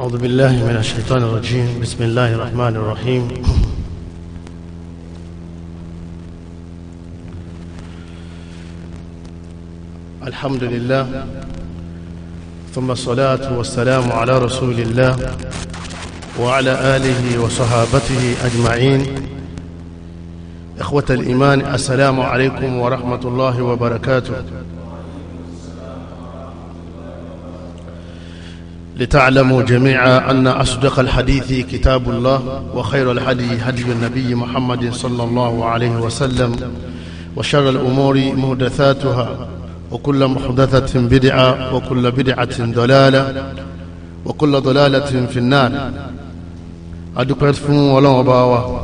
أعوذ بالله من الشيطان الرجيم بسم الله الرحمن الرحيم الحمد لله ثم الصلاة والسلام على رسول الله وعلى آله وصحابته أجمعين إخوة الإيمان السلام عليكم ورحمة الله وبركاته لتعلموا جميعا أن أصدق الحديث كتاب الله وخير الحديث هدي النبي محمد صلى الله عليه وسلم وشر الأمور مهدثاتها وكل محدثة بدعة وكل بدعة ضلالة وكل ضلالة في النار أدوكت فون ولا وباوا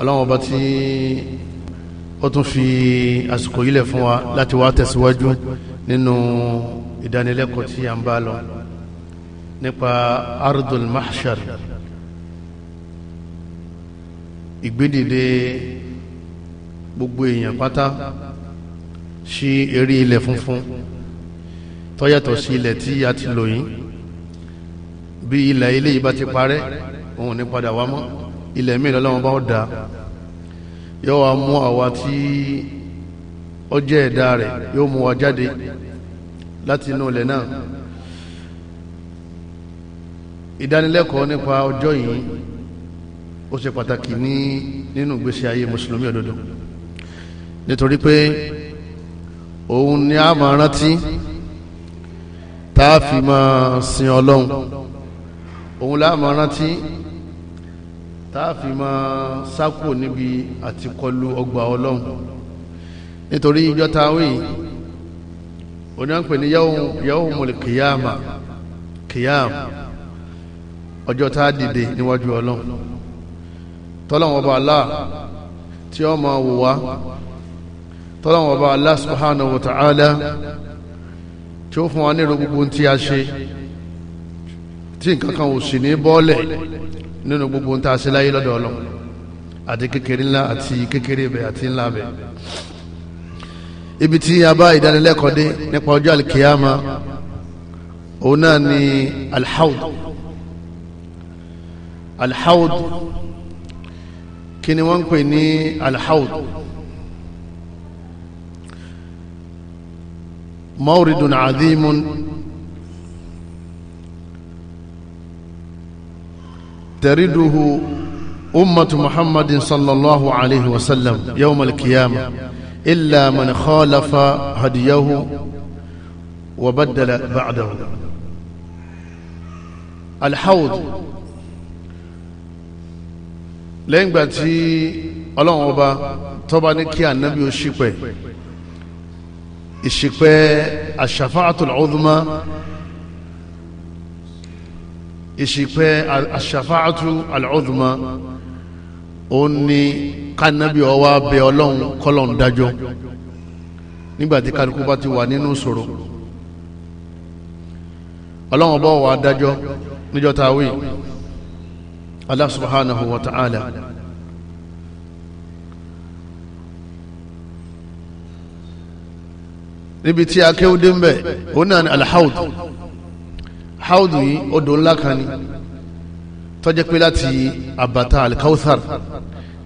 ولا وباتي أتون في أسكويل فوا لا تواتس وجو ننو ìdánilẹ́kọ̀ọ́ tí a ń nípa ardul mahshar ìgbédìde gbogbo èèyàn pátá sí eré ilẹ̀ funfun tó yàtọ̀ sí ilẹ̀ tí a ti lò yìí bí ilẹ̀ ilé yìí bá ti parẹ́ òun ní padà wá mọ́ ilẹ̀ míì lọ́wọ́ bá ó da yóò wá mú àwa tí ó jẹ́ ẹ̀dá rẹ̀ yóò mú wa jáde láti inú ilẹ̀ náà ìdánilẹ́kọ̀ọ́ nípa ọjọ́ yìí ó ṣe pàtàkì ní nínú ìgbésí ayé mùsùlùmí òdodo nítorí pé òun ni a máa rántí tá a fi máa sin ọlọ́run òun la máa rántí tá a fi máa sákò níbi àti kọlu ọgbà ọlọ́run nítorí ìjọ ta wí oníwàpẹ̀ ní yawmul qiyamah qiyamah ọjọ́ tá a dìde níwájú ọlọ́run tọ́lọ́run ọba Allah tí ó máa wò wá tọ́lọ́run ọba Allah subhanahu wa ta'ala tí ó fún wa nírò gbogbo tí a ṣe tí nǹkan kan ò sì ní bọ́ọ̀lẹ̀ nínú gbogbo tá a ṣe láyé lọ́dọ̀ ọlọ́run àti kékeré ńlá àti kékeré bẹ̀ àti ńlá bẹ̀ ibi tí a bá ìdánilẹ́kọ̀ọ́ dé nípa ọjọ́ àlìkìyàmá òun náà ni alhaud alhaud kí ni wọ́n ń pè ní alhaud mawridun azimun tariduhu ummatu muhammadin sallallahu alaihi wasallam yawm alkiyama illa man khalafa hadiyahu wa baddala ba'dahu alhaud lẹ́yìn ìgbà tí ọlọ́run ọba tọ́ba ní kí ànábì ó ṣìpẹ̀ ìṣìpẹ̀ àṣàfáàtul uzma ìṣìpẹ̀ àṣàfáàtul uzma ó ní kánábì ó wá ọlọ́run kọ́lọ́run dájọ́ nígbà tí kálukú bá ti wà nínú ìṣòro ọlọ́run ọba ó dájọ́ níjọ́ tá a wí. Allah subhanahu wa ta'ala níbi tí akéwúdé ń bẹ̀ òun náà ni alhaud haud yìí odò ńlá kan ni tó pé láti àbàtà alkauthar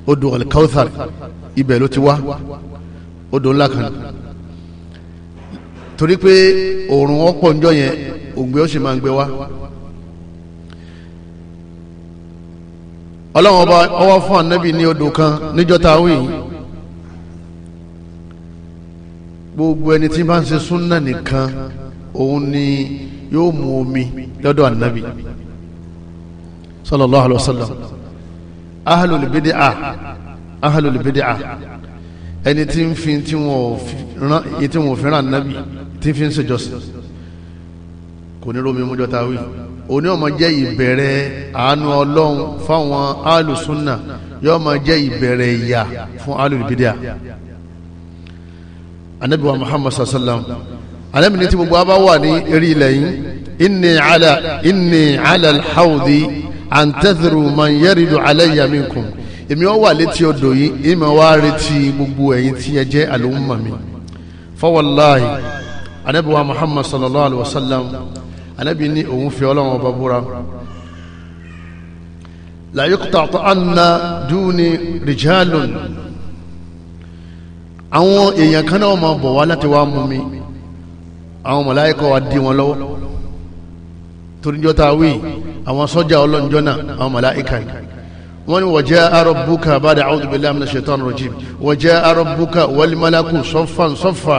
odò alkauthar ibẹ̀ ló ti wá odò ńlá kan ni torí pé òòrùn ọ̀pọ̀ ńjọ́ yẹn òǹgbẹ ó sì máa ń gbẹ wá ọlọ́run ọba ọwọ́ fún anabi ní odò kan níjọ́ tá a wí gbogbo ẹni tí bá ń ṣe súnà nìkan òun ni yóò mu omi lọ́dọ̀ anabi sallallahu alayhi wa sallam ahalul bid'ah ahalul bid'ah ẹni tí ń fi tí wọn ò fi ràn anabi tí ń fi ń ṣèjọsìn kò ní rómi mújọ tá a wí òní ọmọ jẹ́ ìbẹ̀rẹ̀ àánú ọlọ́run fáwọn alùsùnà yóò máa jẹ́ ìbẹ̀rẹ̀ ìyà fún alùbídíà anabiwa muhammad sallam alẹ́mi ní tí gbogbo abá wà ní eré ilẹ̀ yìí inni ala inni ala alhawdi antẹ́tìrù man yẹ́rìndù alayya minkum èmi ọ wà létí odò yìí ìmọ̀ wá retí gbogbo ẹ̀yin tí ẹ jẹ́ àlùmọ̀ mi fọwọ́láì anabiwa muhammad sallallahu alayhi wa sallam anabi ní òun fi ọlọ́run ọba búra la yuqta'anna duni rijalun àwọn èèyàn kan náà máa bọ̀ wá láti wá mú mi àwọn mọ̀láyìkọ́ wa di wọn lọ́wọ́ torí jọ́ta wí àwọn sọ́jà ọlọ́njọ́ náà àwọn mọ̀láyìkà yìí wọ́n ní wọ̀jẹ́ arọ́bùkà bàdà a'udhu billahi minash shaitani rajim wọ̀jẹ́ arọ́bùkà wal malaku saffan saffa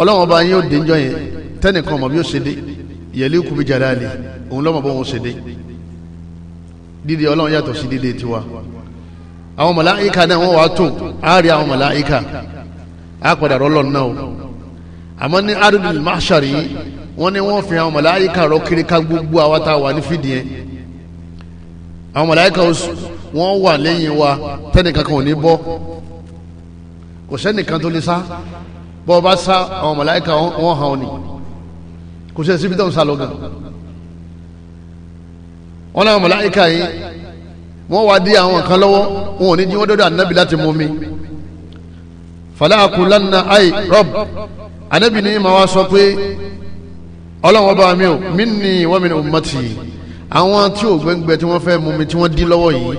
ọlọ́wọ́n bá yín ó yẹn tẹ́nìkan ọmọ bí ó ṣe dé yẹlí kù bí jalali òun lọ́mọ bó ń ṣe dé dídí ọlọ́run yàtọ̀ sí dídí tiwa àwọn màláíkà náà wọ́n wá tún àárí àwọn màláíkà á padà rọ́lọ́ náà o àmọ́ ní arúgbìn máṣàrí wọ́n ní wọ́n fi àwọn màláíkà rọ kiri ká gbogbo àwa tá a wà ní fìdí àwọn màláíkà wọ́n wà lẹ́yìn wa tẹ́nìkan kan ò ní bọ́ kò sẹ́nìkan tó lè sá bọ́ ọ bá sá àwọn màláíkà wọ́n hàn ọ́ nìyí kò sí ẹsibí tó ń sá lọ́gàn wọn làwọn màláíkà yìí wọn wá dí àwọn kan lọ́wọ́ wọn ò ní jí wọn dọ́dọ̀ ànábì láti mú mi fàlàkùn lánà àì rọ́b ànábì ní màá wá sọ pé ọlọ́wọ́n bá mi ò mí ni wọ́n mi ni mo mọ̀ àwọn tí ò gbẹ́ngbẹ́ tí wọ́n fẹ́ mú mi tí wọ́n dín lọ́wọ́ yìí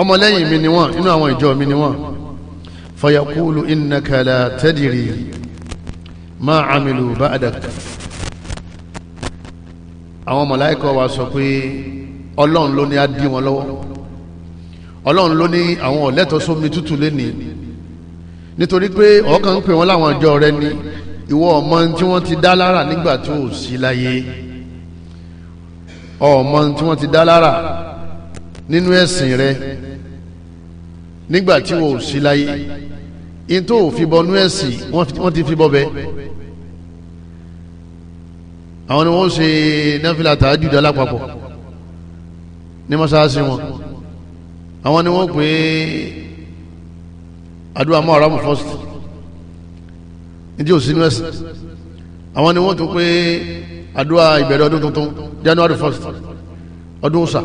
ọmọlẹ́yìn mi ni wọ́n inú àwọn ìjọ mi ni wọ́n fayaqulu innaka la ma amilu ba'dak àwọn màláíkà wa sọ pé ọlọ́run ló ní á dí wọn lọ́wọ́ ọlọ́run ló ní àwọn ọ̀lẹ́tọ̀ sómi tútù lẹ́ni nítorí pé ọ̀ọ́kàn ń pè wọ́n láwọn ọjọ́ rẹ ni ìwọ ọmọ tí wọ́n ti dá lára nígbà tó o sí láyé ọmọ tí ti dá lára nínú ẹ̀sìn rẹ nígbà tí o sí láyé yín tó fi bọnú ẹ̀sìn wọ́n ti fi bọ́ bẹ́ẹ̀ àwọn ni wọ́n ṣe náfìlà tààjùdà lápapọ̀ ní mọ́sáàsì wọn àwọn ni wọ́n pè é àdúrà mọ́ àràmù first ní tí ò sínú ẹ̀sìn àwọn ni wọ́n tún pé àdúrà ìbẹ̀rẹ̀ ọdún tuntun january first ọdún ọ̀sà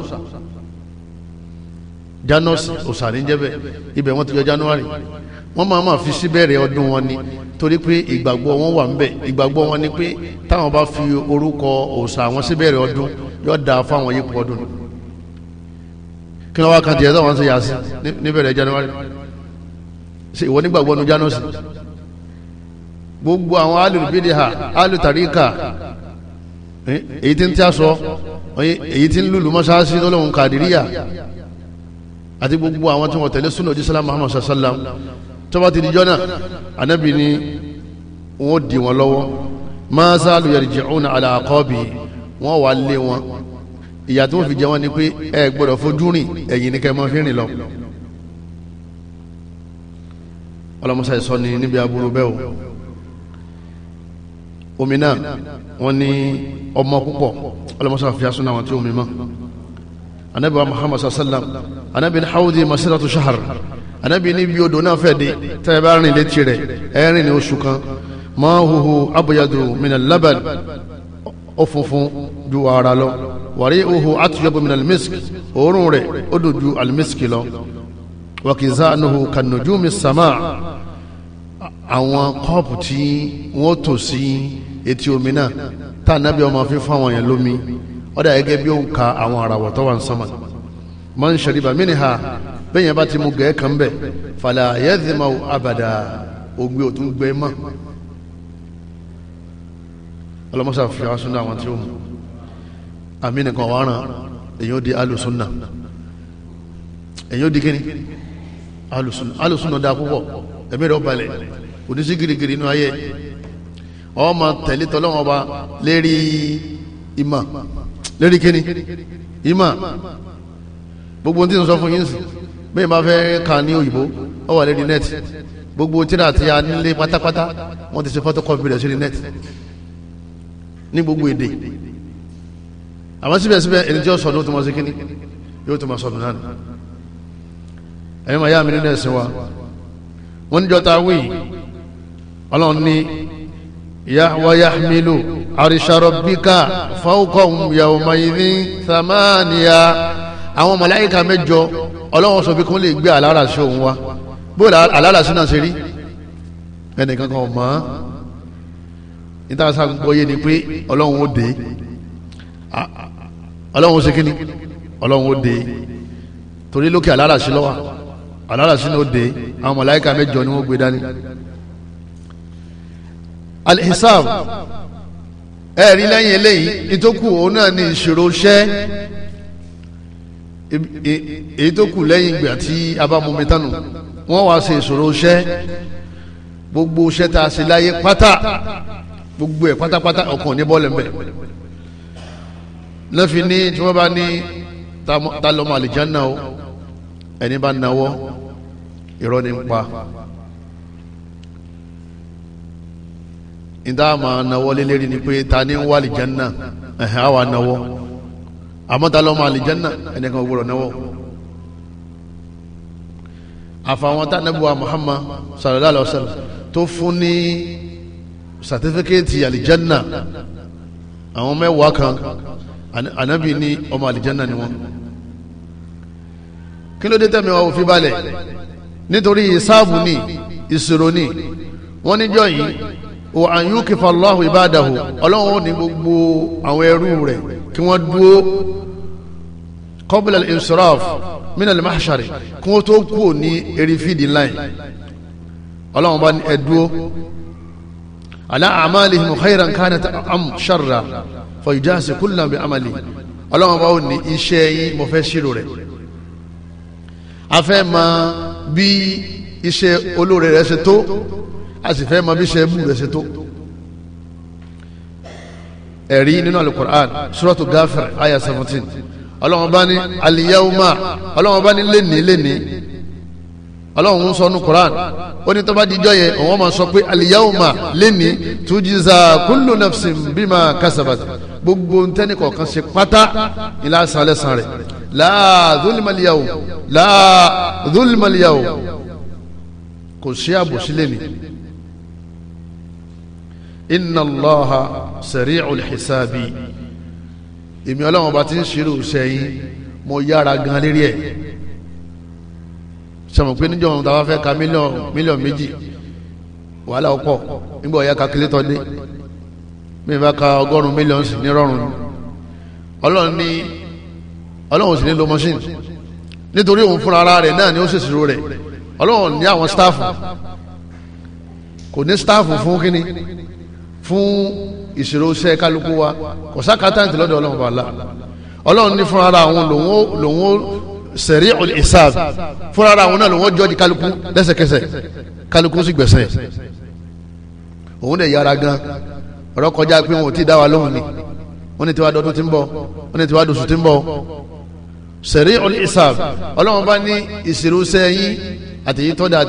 january ọ̀sà ní jẹ́bẹ̀ ibẹ̀ wọ́n ti yọ january wọ́n máa máa fi síbẹ̀rẹ̀ ọdún wọn ni torí pé ìgbàgbọ́ wọn wà ńbẹ̀ ìgbàgbọ́ wọn ni pé táwọn bá fi orúkọ òòṣà àwọn síbẹ̀rẹ̀ ọdún yóò dáa fáwọn yìí pọ̀ ọdún kí wọ́n wá kan tiẹ̀ táwọn ń ṣe yàtí níbẹ̀rẹ̀ January ṣe ìwọ nígbàgbọ́ nu January gbogbo àwọn alùbídìhà alùtàríkà èyí tí ń tí a sọ èyí tí ń lùlù mọ́ṣáláṣí lọ́lọ́run kàdíríyà àti gbogbo àwọn tí wọ́n tẹ̀lé súnà òjísàlá Muhammad sallam tọ́ba ti di jọ́nà anabi ni wọ́n di wọn lọ́wọ́ máa sáàlù yarji'una ala aqabi wọ́n wà lé wọn ìyà tó fi jẹ wọn ni pé ẹ gbọ́dọ̀ fojú rìn ẹ̀yìn ni kẹ́ máa fi rìn lọ. ọlọ́mọṣà ìsọ ni níbi aburú bẹ́ẹ̀ o omi náà wọ́n ní ọmọ púpọ̀ ọlọ́mọṣà fi asúnà àwọn tí omi mọ́ anabi wa sallam anabi hawdi masiratu shahar anabi ní bí odò náà fẹ́ de tẹ́ ẹ bá rìn létí rẹ̀ ẹ rìn ní oṣù kan máa huhu abyadu minal laban ó funfun ju ara lọ wàrí huhu atyabu minal misk òórùn rẹ̀ ó dùn ju almisk lọ wakizanuhu kanujumi sama àwọn kọ́ọ̀pù tí wọ́n tò sí etí omi náà tá anabi ọmọ fi fún àwọn yẹn lómi ó gẹ́gẹ́ bí ó ń ka àwọn àràwọ̀ tó wà ń sánmà man shariba minha bẹ́ẹ̀ yẹn bá ti mu gẹ̀ẹ́ kan bẹ̀ fàlà yẹ́dìmọ̀ abàdà ògbé òtún gbẹ mọ́ ọlọ́mọṣà fìyà sunna àwọn tí ó mu àmì nìkan wà ràn èyàn di alùsùnà èyàn di kíni alùsùnà alùsùnà dáa púpọ̀ ẹ̀mí rẹ̀ ó balẹ̀ oníṣí girigiri inú ayé ọmọ tẹ̀lé tọ́lọ́wọ́n ọba lérí ìmọ̀ lérí kíni ìmọ̀ gbogbo ohun tí n sọ fún yín sìn bẹ́ẹ̀ máa fẹ́ kà ní òyìnbó ó wà lórí net gbogbo tíra tí a nílé pátápátá wọ́n ti ṣe photocopy rẹ̀ sórí net ní gbogbo èdè àmọ́ síbẹ̀síbẹ̀ ẹni tí ó sọ̀dún tó máa ṣe kíní yóò tó máa sọ̀dún náà ẹ̀yin máa yá mi nínú ẹ̀sìn wa wọ́n níjọ́ ta wí ọlọ́run ní wayahmilu arisharobika fawqahum yawma idhin àwọn màláíkà mẹ́jọ ọlọ́wọ́n sọ pé kó lè gbé alára sí òun wa bó alára sí náà ṣe rí ẹnìkan kan mọ̀ ọ́n níta sàgbọ́yé ni pé ọlọ́wọ́n ó dé ọlọ́wọ́n ó ṣe kíni ọlọ́wọ́n ó dé torí lókè alára sí lọ́wọ́ alára sí náà ó dé àwọn màláíkà mẹ́jọ ni wọ́n gbé dání alhisab ẹ̀rí lẹ́yìn eléyìí ìtókù òun náà ní ìṣòro ṣẹ́ èyí tó kù lẹ́yìn ìgbà tí a bá mumi tánu wọ́n wá ṣe ìṣòro iṣẹ́ gbogbo iṣẹ́ tá a ṣe láyé pátá gbogbo ẹ̀ pátápátá ọ̀kan ní bọ́ọ̀lù mbẹ́ lẹ́fi ní tí wọ́n bá ní ta àlìjánná o ẹni bá náwó irọ́ ní pa ìdá máa náwó lélẹ́rìí ni pé ta ní wà àlìjánná ẹ̀hẹ́ àwa náwó àmọ́ta lọ́mọ àlìjánná ẹnìkan gbọ́dọ̀ náwó àfàwọn tá nẹ́bùwà Muhammad sallallahu alaihi wasallam tó fún ní sàtífíkẹ́ẹ̀tì àlìjánná àwọn mẹ́wàá kan ànábì ní ọmọ àlìjánná ni wọ́n kí ló dé tẹ̀mí wa òfin balẹ̀ nítorí ìsáàbù ni ìṣòro ni wọ́n níjọ́ yìí ò àyùnkìfà Allahu ibadahu ọlọ́run ò ní gbogbo àwọn ẹrú rẹ̀ kí wọ́n dúró qabla al-insiraf min al-mahshar kí wọ́n tó kú ní erifidi line ọlọ́run bá ní ẹ dúró ala a'malihim khayran kanat am sharra fọyìjáàsì kullan bi amali ọlọ́run bá wò ní iṣẹ́ yín mo fẹ́ ṣírò rẹ̀ a fẹ́ mọ bí iṣẹ́ olóore rẹ̀ ṣe tó a sì fẹ́ mọ bí iṣẹ́ ẹbú rẹ̀ ṣe tó ẹ̀rí nínú alukur'an suratu gafir aya seventeen ọlọ́run bá ní aliyahuma ọlọ́run bá ní lẹ́ni lẹ́ni ọlọ́run ń sọ ní kur'an ó ní tọ́ba díjọ́ yẹ òun máa sọ pé aliyahuma lẹ́ni tujiza kullu nafsin bima kasabat gbogbo ntẹ́ni kọ̀ọ̀kan ṣe pátá ilá sálẹ̀sán rẹ̀ láà zulmaliyahu láà zulmaliyahu kò sí àbòsí lẹ́ni inna allaha sari'ul hisabi èmi ọlọ́run ọba ti ń ṣírò sẹ́yìn mo yára gan lérí ẹ̀ sọmọ pé níjọ́ ohun tàbá fẹ́ ka mílíọ̀nù mílíọ̀nù méjì wàhálà ọkọ̀ nígbà ọ̀yá kakílé tọ́ dé mi bá ka ọgọ́rùn-ún mílíọ̀nù sí ní rọrùn ọlọ́run ní ọlọ́run sì ní lo machine nítorí òun fúnra ara rẹ̀ náà ni ó ṣèṣirò rẹ̀ ọlọ́run ní àwọn staff kò ní staff fún kínní fún ìṣòro iṣẹ́ kálukú wa kò sákàtàǹtì lọ́dọ̀ ọlọ́run bàálà ọlọ́run ní fúnra ara àwọn lòun ó sẹ̀rí ìsáàb fúnra ara àwọn náà lòun ó jọ́ọ̀jì kálukú lẹ́sẹ̀kẹsẹ̀ kálukú sì gbẹ̀sẹ̀ òun dẹ̀ yára gan ọ̀rọ̀ kọjá pé wọn ò tí ì dá wa lóhùn ni wọn ní tiwa dọ́dún tí ń bọ̀ wọn ní tiwa dòṣù tí ń bọ̀ sẹ̀rí ìsáàb ọlọ́run bá ní ìṣòro iṣẹ́ yín àtẹ̀yí tọ́da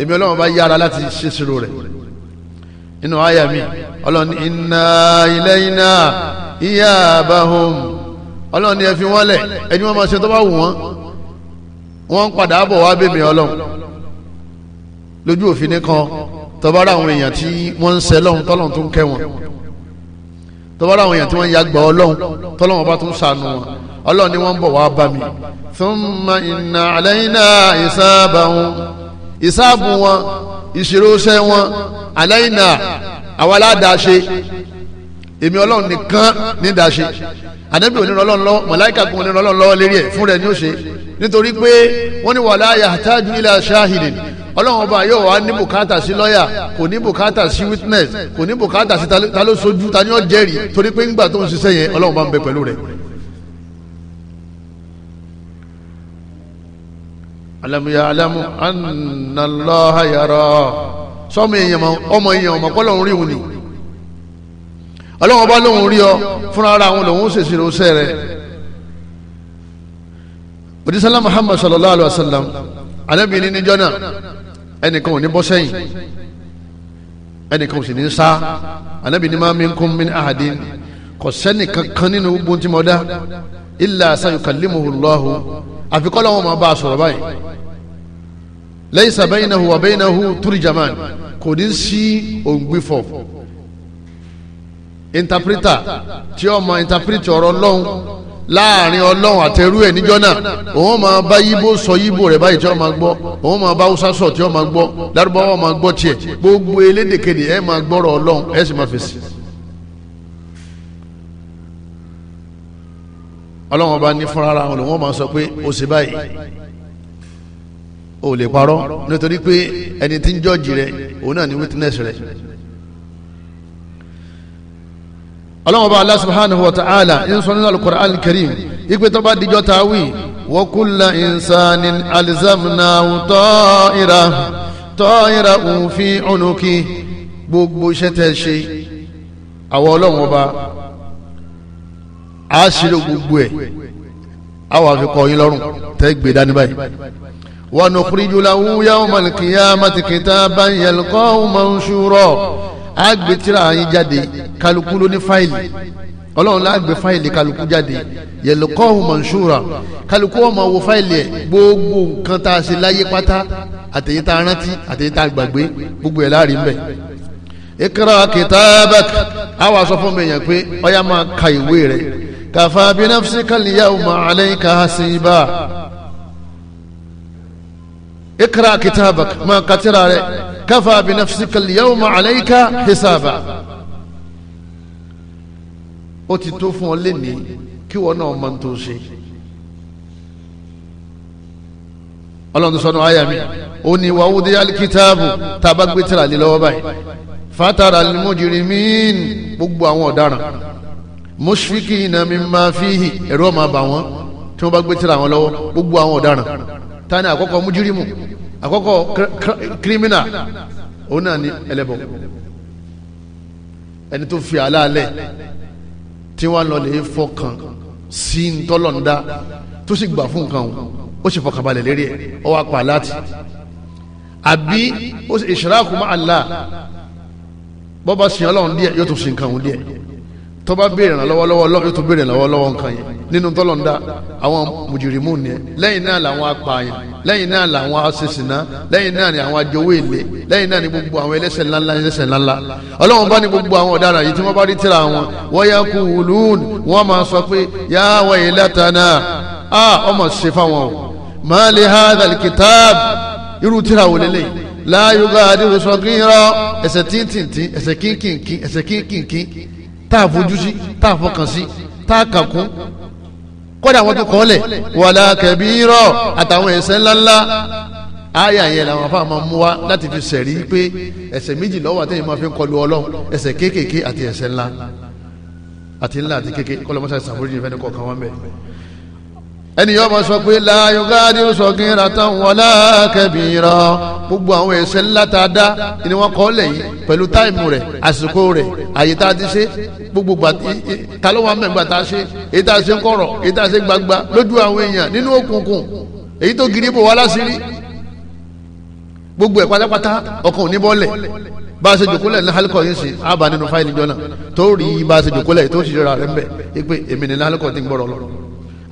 èmi ọlọ́run bá yára láti ṣèṣirò rẹ̀ nínú àyà mi ọlọ́ni inna ilayna iyabahum ọlọ́ni ẹ fi wọ́n lẹ̀ ẹni wọ́n máa ṣe tó bá wù wọ́n wọ́n ń padà bọ̀ wá bèbè ọlọ́run lójú òfin nìkan tọ́bárà àwọn èèyàn tí wọ́n ń ṣe lọ́hùn tọ́lọ́hùn tó ń kẹ́ wọn tọ́bárà àwọn èèyàn tí wọ́n ń yàgbọ́ ọlọ́hùn tọ́lọ́hùn bá tó ń sànù wọn ọlọ́run ni wọ́n ń bọ̀ wá bá mi. thumma inna alayna ìsáàbà wọn ìsáàbù wọn ìṣirò sẹ́ wọn aláìna àwa aládàáṣe èmi ọlọ́run nìkan ní dàáṣe ànábì onírọ̀ ọlọ́run lọ́wọ́ màláíkà kan onírọ̀ ọlọ́run lọ́wọ́ lérí ẹ̀ fún rẹ̀ ní ó ṣe nítorí pé wọ́n ní wàhálà yàtájú ila shahidin ọlọ́run ọba yóò wá ní bùkátà sí lọ́ọ̀yà kò ní bùkátà sí witness kò ní bùkátà sí ta ló sojú ta ni ó jẹ́rìí torí pé ńgbà tó ń ṣiṣẹ́ yẹn ọlọ́run bá ń bẹ pẹ̀lú rẹ̀ alam ya'lamu anna Allaha yara sọ́mọ èèyàn ọmọ èèyàn ọmọ kọ́ lòun rí òun ni ọlọ́wọ́n bá lòun rí ọ fúnra ara àwọn lòun ṣèṣì ló ṣẹ́ rẹ̀ òdìsálà Muhammad sallallahu alayhi wa sallam anábì ní níjọ́ ẹnìkan ò ní bọ́ sẹ́yìn ẹnìkan ò sì ní sá anábì ní ma minkum min ahadin kò sẹ́nìkan kan nínú gbogbo illa sayukallimuhu Allahu àfikọ́ lọ́wọ́ máa bá a sọ̀rọ̀ báyìí laysa baynahu wa baynahu turjaman kò ní sí òǹgbìfọ̀ interpreter tí ó máa interpret ọ̀rọ̀ Ọlọ́run láàrin Ọlọ́run àtẹrú ẹ̀ níjọ́ náà òun máa bá yíbo sọ yíbo rẹ̀ báyìí tí ó máa gbọ́ òun máa bá Hausa sọ tí ó máa gbọ́ Lárúbáwá máa gbọ́ tiẹ̀ gbogbo elédèkéde ẹ̀ máa gbọ́rọ̀ Ọlọ́run ẹ̀ sì máa fèsì. ọlọ́wọ́n bá ní fúnra ara wọn lòun máa sọ pé ó ṣe báyìí ó lè parọ́ nítorí pé ẹni tí ń jọ́ọ̀jì rẹ òun náà ní witness rẹ. ọlọ́wọ́n bá Allah subhanahu wa ta'ala ń sọ nínú al-Qur'an al-Karim tó bá dijọ́ ta wí wa kulla insanin alzamnahu ta'ira ta'ira fi unuki gbogbo iṣẹ́ tẹ́ ṣe àwọn ọlọ́wọ́n bá á ṣílò gbogbo ẹ̀ á wà fi kọ́ yín lọ́rùn tẹ́ gbé dání báyìí. wa nukhriju lahu yawmal qiyamati kitaban yalqahu manshura á gbé tíra yín jáde kálukú ló ní fáìlì ọlọ́run láàgbé fáìlì kálukú jáde yalqahu manshura kálukú ó wo fáìlì ẹ̀ gbogbo nǹkan tá a ṣe láyé pátá àtẹ̀yìn tá a rántí àtẹ̀yìn tá a gbàgbé gbogbo ẹ̀ láàrin bẹ́ẹ̀ ikra kitabak àwa sọ yẹn pé ọyá máa ka ìwé rẹ كفى بنفسك اليوم عليك yawma alayka كتابك ما kitabak ma katira rẹ kàfà bí nafsika al-yawma alayka hisaba ó ti tó fún ọ lẹ́nìí kí wọn náà máa tó ṣe ọlọ́run sọnù mi ó ní wàá wúdi alikitaabu tá a bá gbé tìrà lé lọ́wọ́ fatara al gbogbo àwọn ọ̀daràn mushrikina mimma fihi ẹ̀rọ máa bà wọ́n tí wọ́n bá gbé tírà wọn lọ́wọ́ gbogbo àwọn ọ̀daràn tani àkọ́kọ́ mujirimu àkọ́kọ́ kírímínà òun náà ni ẹlẹ́bọ ẹni tó fi àlàálẹ̀ tí wọ́n lọ lè fọkàn sí ntọ́lọ́ndá tó sì gbà fún nǹkan o ó sì fọkàn balẹ̀ lérí ẹ̀ ọ wá pa láti àbí ìṣiráàkù máa là bọ́ba sìn ọlọ́run díẹ̀ yóò tún sìn nǹkan òun díẹ̀ tó bá béèrè ìrànlọ́wọ́ lọ́wọ́ ọlọ́run yóò tún béèrè ìrànlọ́wọ́ lọ́wọ́ nǹkan yẹn nínú tọ́lọ̀ ń dá àwọn mùjìrìmù nìyẹn lẹ́yìn náà làwọn apààyàn lẹ́yìn náà làwọn asesìnà lẹ́yìn náà ni àwọn ajowó èlé lẹ́yìn náà ni gbogbo àwọn ẹlẹ́sẹ̀ ńláńlá ẹlẹ́sẹ̀ ńláńlá ọlọ́run bá ní gbogbo àwọn ọ̀daràn yìí tí wọ́n bá rí tíra wọn wọ́n yá kú wùlúùn wọ́n máa sọ pé yá waylatana tá a fojú sí tá a fọkàn sí tá a kàn kún kódà tó kọ́ wàlá kẹbírọ̀ àtàwọn ẹ̀ṣẹ̀ ńláńlá aya yẹn làwọn afa máa mú wa láti fi sẹ̀rí pé ẹ̀ṣẹ̀ méjì lọ́wọ́ àtẹ̀yìn máa fi kọlu ọlọ́run ẹ̀ṣẹ̀ kéékèèké àti ẹ̀ṣẹ̀ ńlá àti ńlá àti kéékèèké kọlọmọsá ìsàmójì ìfẹ́ ní kọ̀ọ̀kan wọn bẹ̀. ẹnìyàn máa sọ pé la yugadiru saghiratan wala kabira gbogbo àwọn ẹ̀ṣẹ̀ ńlá tá a dá ni wọ́n kọ́ lẹ̀ yìí pẹ̀lú táìmù rẹ̀ àsìkò rẹ̀ àyè tá a ti ṣe gbogbo gbà tá ló wà mẹ́gbà tá a ṣe èyí tá a ṣe ń kọ̀rọ̀ èyí tá a ṣe gbagba lójú àwọn èèyàn nínú òkùnkùn èyí tó gidi bò wá láṣìírí gbogbo ẹ̀ pátápátá ọkàn ò ní bọ́lẹ̀ bá a ṣe jòkólẹ̀ ní alikọ̀ yìí sí àbá nínú fáìlì jọ tó rí bá a ṣe jòkólẹ̀ tó ṣiṣẹ́ rà rẹ̀ ń bẹ̀ pé èmi ní alikọ̀ ti ń gbọ́rọ̀ lọ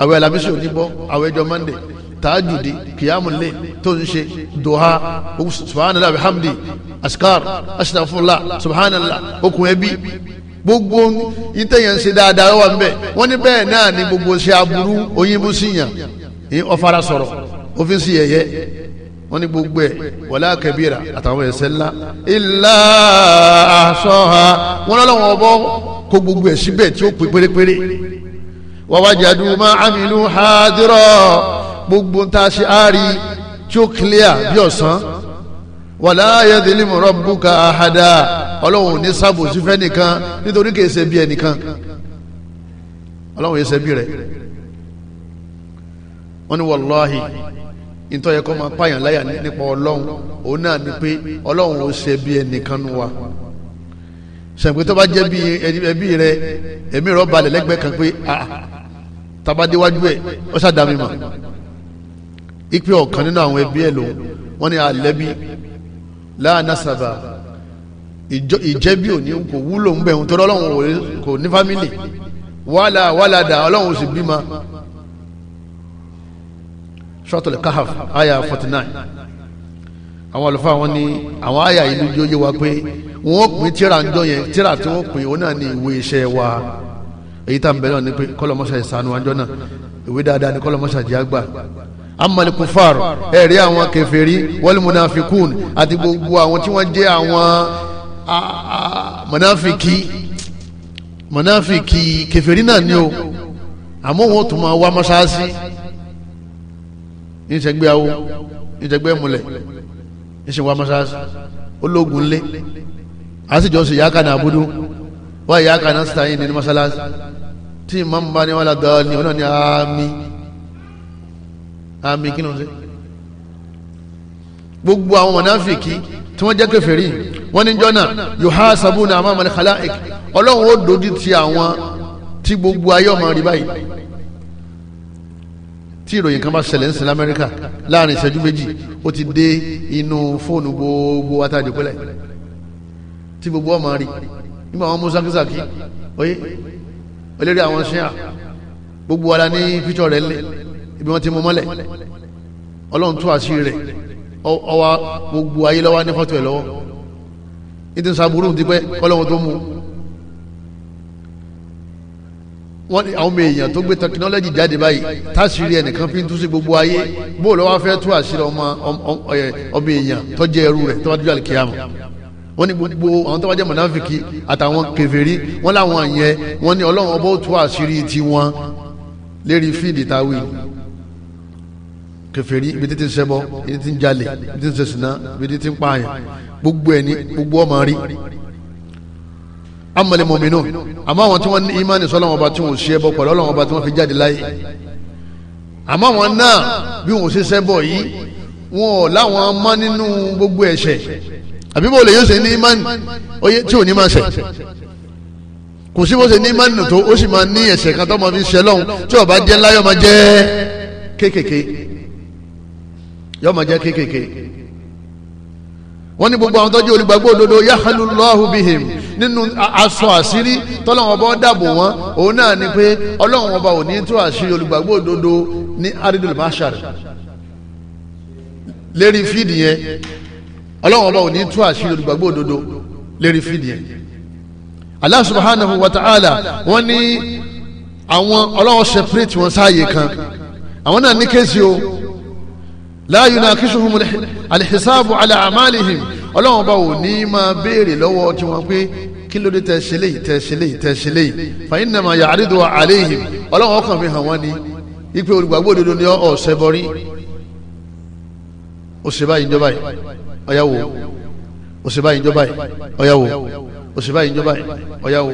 àwẹ̀ alamisi ò ní bọ́ àwẹ̀ jọ mọ́ndé tajudi kiyamule tó ń ṣe duha subhanallah bihamdi askar asinafunla subhanallah okun ẹbí gbogbo ìtẹ̀yẹ̀ ń ṣe dáadáa wà nbẹ wọ́n ní bẹ́ẹ̀ náà ni gbogbo ṣe aburú oyinbu síyàn ní ọ̀fara sọ̀rọ̀ ọ́fíìsì yẹ̀yẹ́ wọ́n ní gbogbo ẹ̀ wọlé akẹ́bíra àtàwọn ẹ̀ṣẹ̀ ńlá ilà àṣọha wọn lọ́wọ́ ọbọ̀ kó gbogbo ẹ̀ síbẹ̀ tí ó pè pérépéré wàwájà dùnmọ́ àmìlú hàdírọ̀ gbogbo tá a ṣe á rí tí ó clear bí ọ̀sán wàlá yadhlimu rabbuka ahada ọlọ́run ò ní sábòsí fẹ́ nìkan nítorí kìí ṣe bí ẹnìkan ọlọ́run yìí ṣe bí rẹ̀ wọ́n ní wàláhì ìtọ́ yẹ kó máa pààyàn láyà nípa ọlọ́run òun náà ni pé ọlọ́run ò ṣe bí ẹnìkan nu wa sẹ̀ǹpẹ́ tó bá jẹ́ bí ẹbí rẹ ẹ̀mí rọ balẹ̀ lẹ́gbẹ̀ẹ́ kan pé ah tabadéwájú ẹ̀ ọ́ sàdámímọ̀ ipe ọ̀kan nínú àwọn ẹbí ẹ̀ lò wọ́n ní alẹ́bí láàánásàbà ìjẹ́bí òní kò wúlò ń bẹ̀ ń tọ́lọ́ ọlọ́run kò ní fámìlì wàhálà wàhálà dà ọlọ́run sì bímọ. Suratul Kahf aya forty nine àwọn àlùfáà wọn ní àwọn àyà ìlú yóò yé wa pé wọn ó pín tíra ń jọ yẹn tíra tí wọn pín òun náà ní ìwé wa èyí tá bẹ náà ni pé kọlọmọṣà ìsànù àjọ náà ìwé dáadáa ni kọlọmọṣà jẹ àgbà amali kufar ẹ̀rí àwọn kèfèrí wal munafikun àti gbogbo àwọn tí wọ́n jẹ́ àwọn mọ̀nàfìkì mọ̀nàfìkì kèfèrí náà ni o àmọ́ wọn tún máa wá mọ́ṣáláṣí ìṣègbè awo ìṣègbè múlẹ̀ ìṣèwà wá mọ́ṣáláṣí ológun lé àṣìjọ́ sí yàákà náà abúdú wá yàákà náà sítayìn nínú mọ́ṣáláṣí tí ìmọ̀ mbani wàlá dọ́ọ̀ ni ọlọ́ni àmì àmì kí ló ń ṣe gbogbo àwọn mọ̀nàfìkì tí wọ́n jẹ́ kèfèrí wọ́n ní jọ́nà yuhasabuna amama al-khalaiq ọlọ́run ó dojú ti àwọn tí gbogbo ayé ọmọ rí báyìí tí ìròyìn kan bá ṣẹlẹ̀ ń sin lamẹ́ríkà láàrin ìṣẹ́jú méjì ó ti dé inú fóònù gbogbo atádìpẹ́lẹ̀ tí gbogbo ọmọ rí nígbà wọn mú sákísàkí oyé olórí àwọn ṣíà gbogbo ara ní pítọ̀ rẹ̀ lé ibi wọn ti mú mọ́lẹ̀ ọlọ́run tú àṣírí rẹ̀ ọwọ́ gbogbo ayé lọ́wọ́ ní fọ́tò ẹ̀ lọ́wọ́ ní ti ń sàbúrú ti pẹ́ kọ́lọ́run tó mú wọ́n ní àwọn èèyàn tó gbé tẹkinọ́lọ́jì jáde báyìí táṣírí ẹnìkan fi ń tú sí gbogbo ayé bó lọ́wọ́ fẹ́ tú àṣírí ọmọ ọmọ èèyàn tó jẹ́ ẹrú rẹ̀ tó wá dúdú àlìkíyàmù wọ́n ní gbogbo àwọn tó wá jẹ́ mọ̀nàfíkì àtàwọn kèfèrí wọ́n láwọn yẹn wọ́n ní ọlọ́run ọba ó tú àṣírí tiwọn lérí fíìdì táwí kèfèrí ibi títí ń ṣẹbọ ibi títí ń jalè ibi títí ń ṣẹ̀sìnà ibi títí ń pààyàn gbogbo ẹni gbogbo ọmọ rí amọ̀lẹ̀ mọ̀mínú àmọ́ àwọn tí wọ́n ní imáni sọ́lọ́wọ́n ọba tí wọ́n ṣe ẹbọ pẹ̀lú ọlọ́wọ́n ọba tí wọ́n fi jáde láyé àmọ́ àwọn náà bí wọ́n ṣe ṣẹbọ yìí wọn ò láwọn mọ́ nínú gbogbo ẹ̀ṣẹ̀ àbí bó lè yóò ṣe ní imáni oyè tí ò ní máa ṣẹ̀ kò sí bó ṣe ní imáni tó ó sì máa ní ẹ̀ṣẹ̀ kan tó máa fi ṣẹlọ́hún yóò máa jẹ́ kéékèèké wọ́n ní gbogbo àwọn tọ́jú olùgbàgbọ́ òdodo yahalullahu bihim nínú aṣọ àṣírí tọ́lọ́wọ́n bá dàbò wọn òun náà ni pé ọlọ́wọ́n ọba ò ní tú àṣírí olùgbàgbọ́ òdodo ní aridul mashar lérí fídì yẹn ọlọ́wọ́n ọba ò ní tú àṣírí olùgbàgbọ́ òdodo lérí fídì yẹn Allah subhanahu wa ta'ala wọ́n ní àwọn ọlọ́wọ́n separate wọn sáàyè kan àwọn náà ní kéésì o. لا يناقشهم kí sùnfún múlẹ̀ alihisaabu ala amalihim ọlọ́run bá wò ní máa béèrè lọ́wọ́ tí wọ́n pé kí ló dé tẹ́ ṣe léyìí tẹ́ ṣe léyìí tẹ́ ṣe léyìí fàyínàmà yàrídò àléhìm ọlọ́run ọkàn fi hàn wọ́n ni ipe olùgbàgbọ́ òdodo ni ọ̀sẹ̀ bọ́rí òsè báyìí njọba yìí ọ̀yàwó òsè báyìí njọba yìí ọ̀yàwó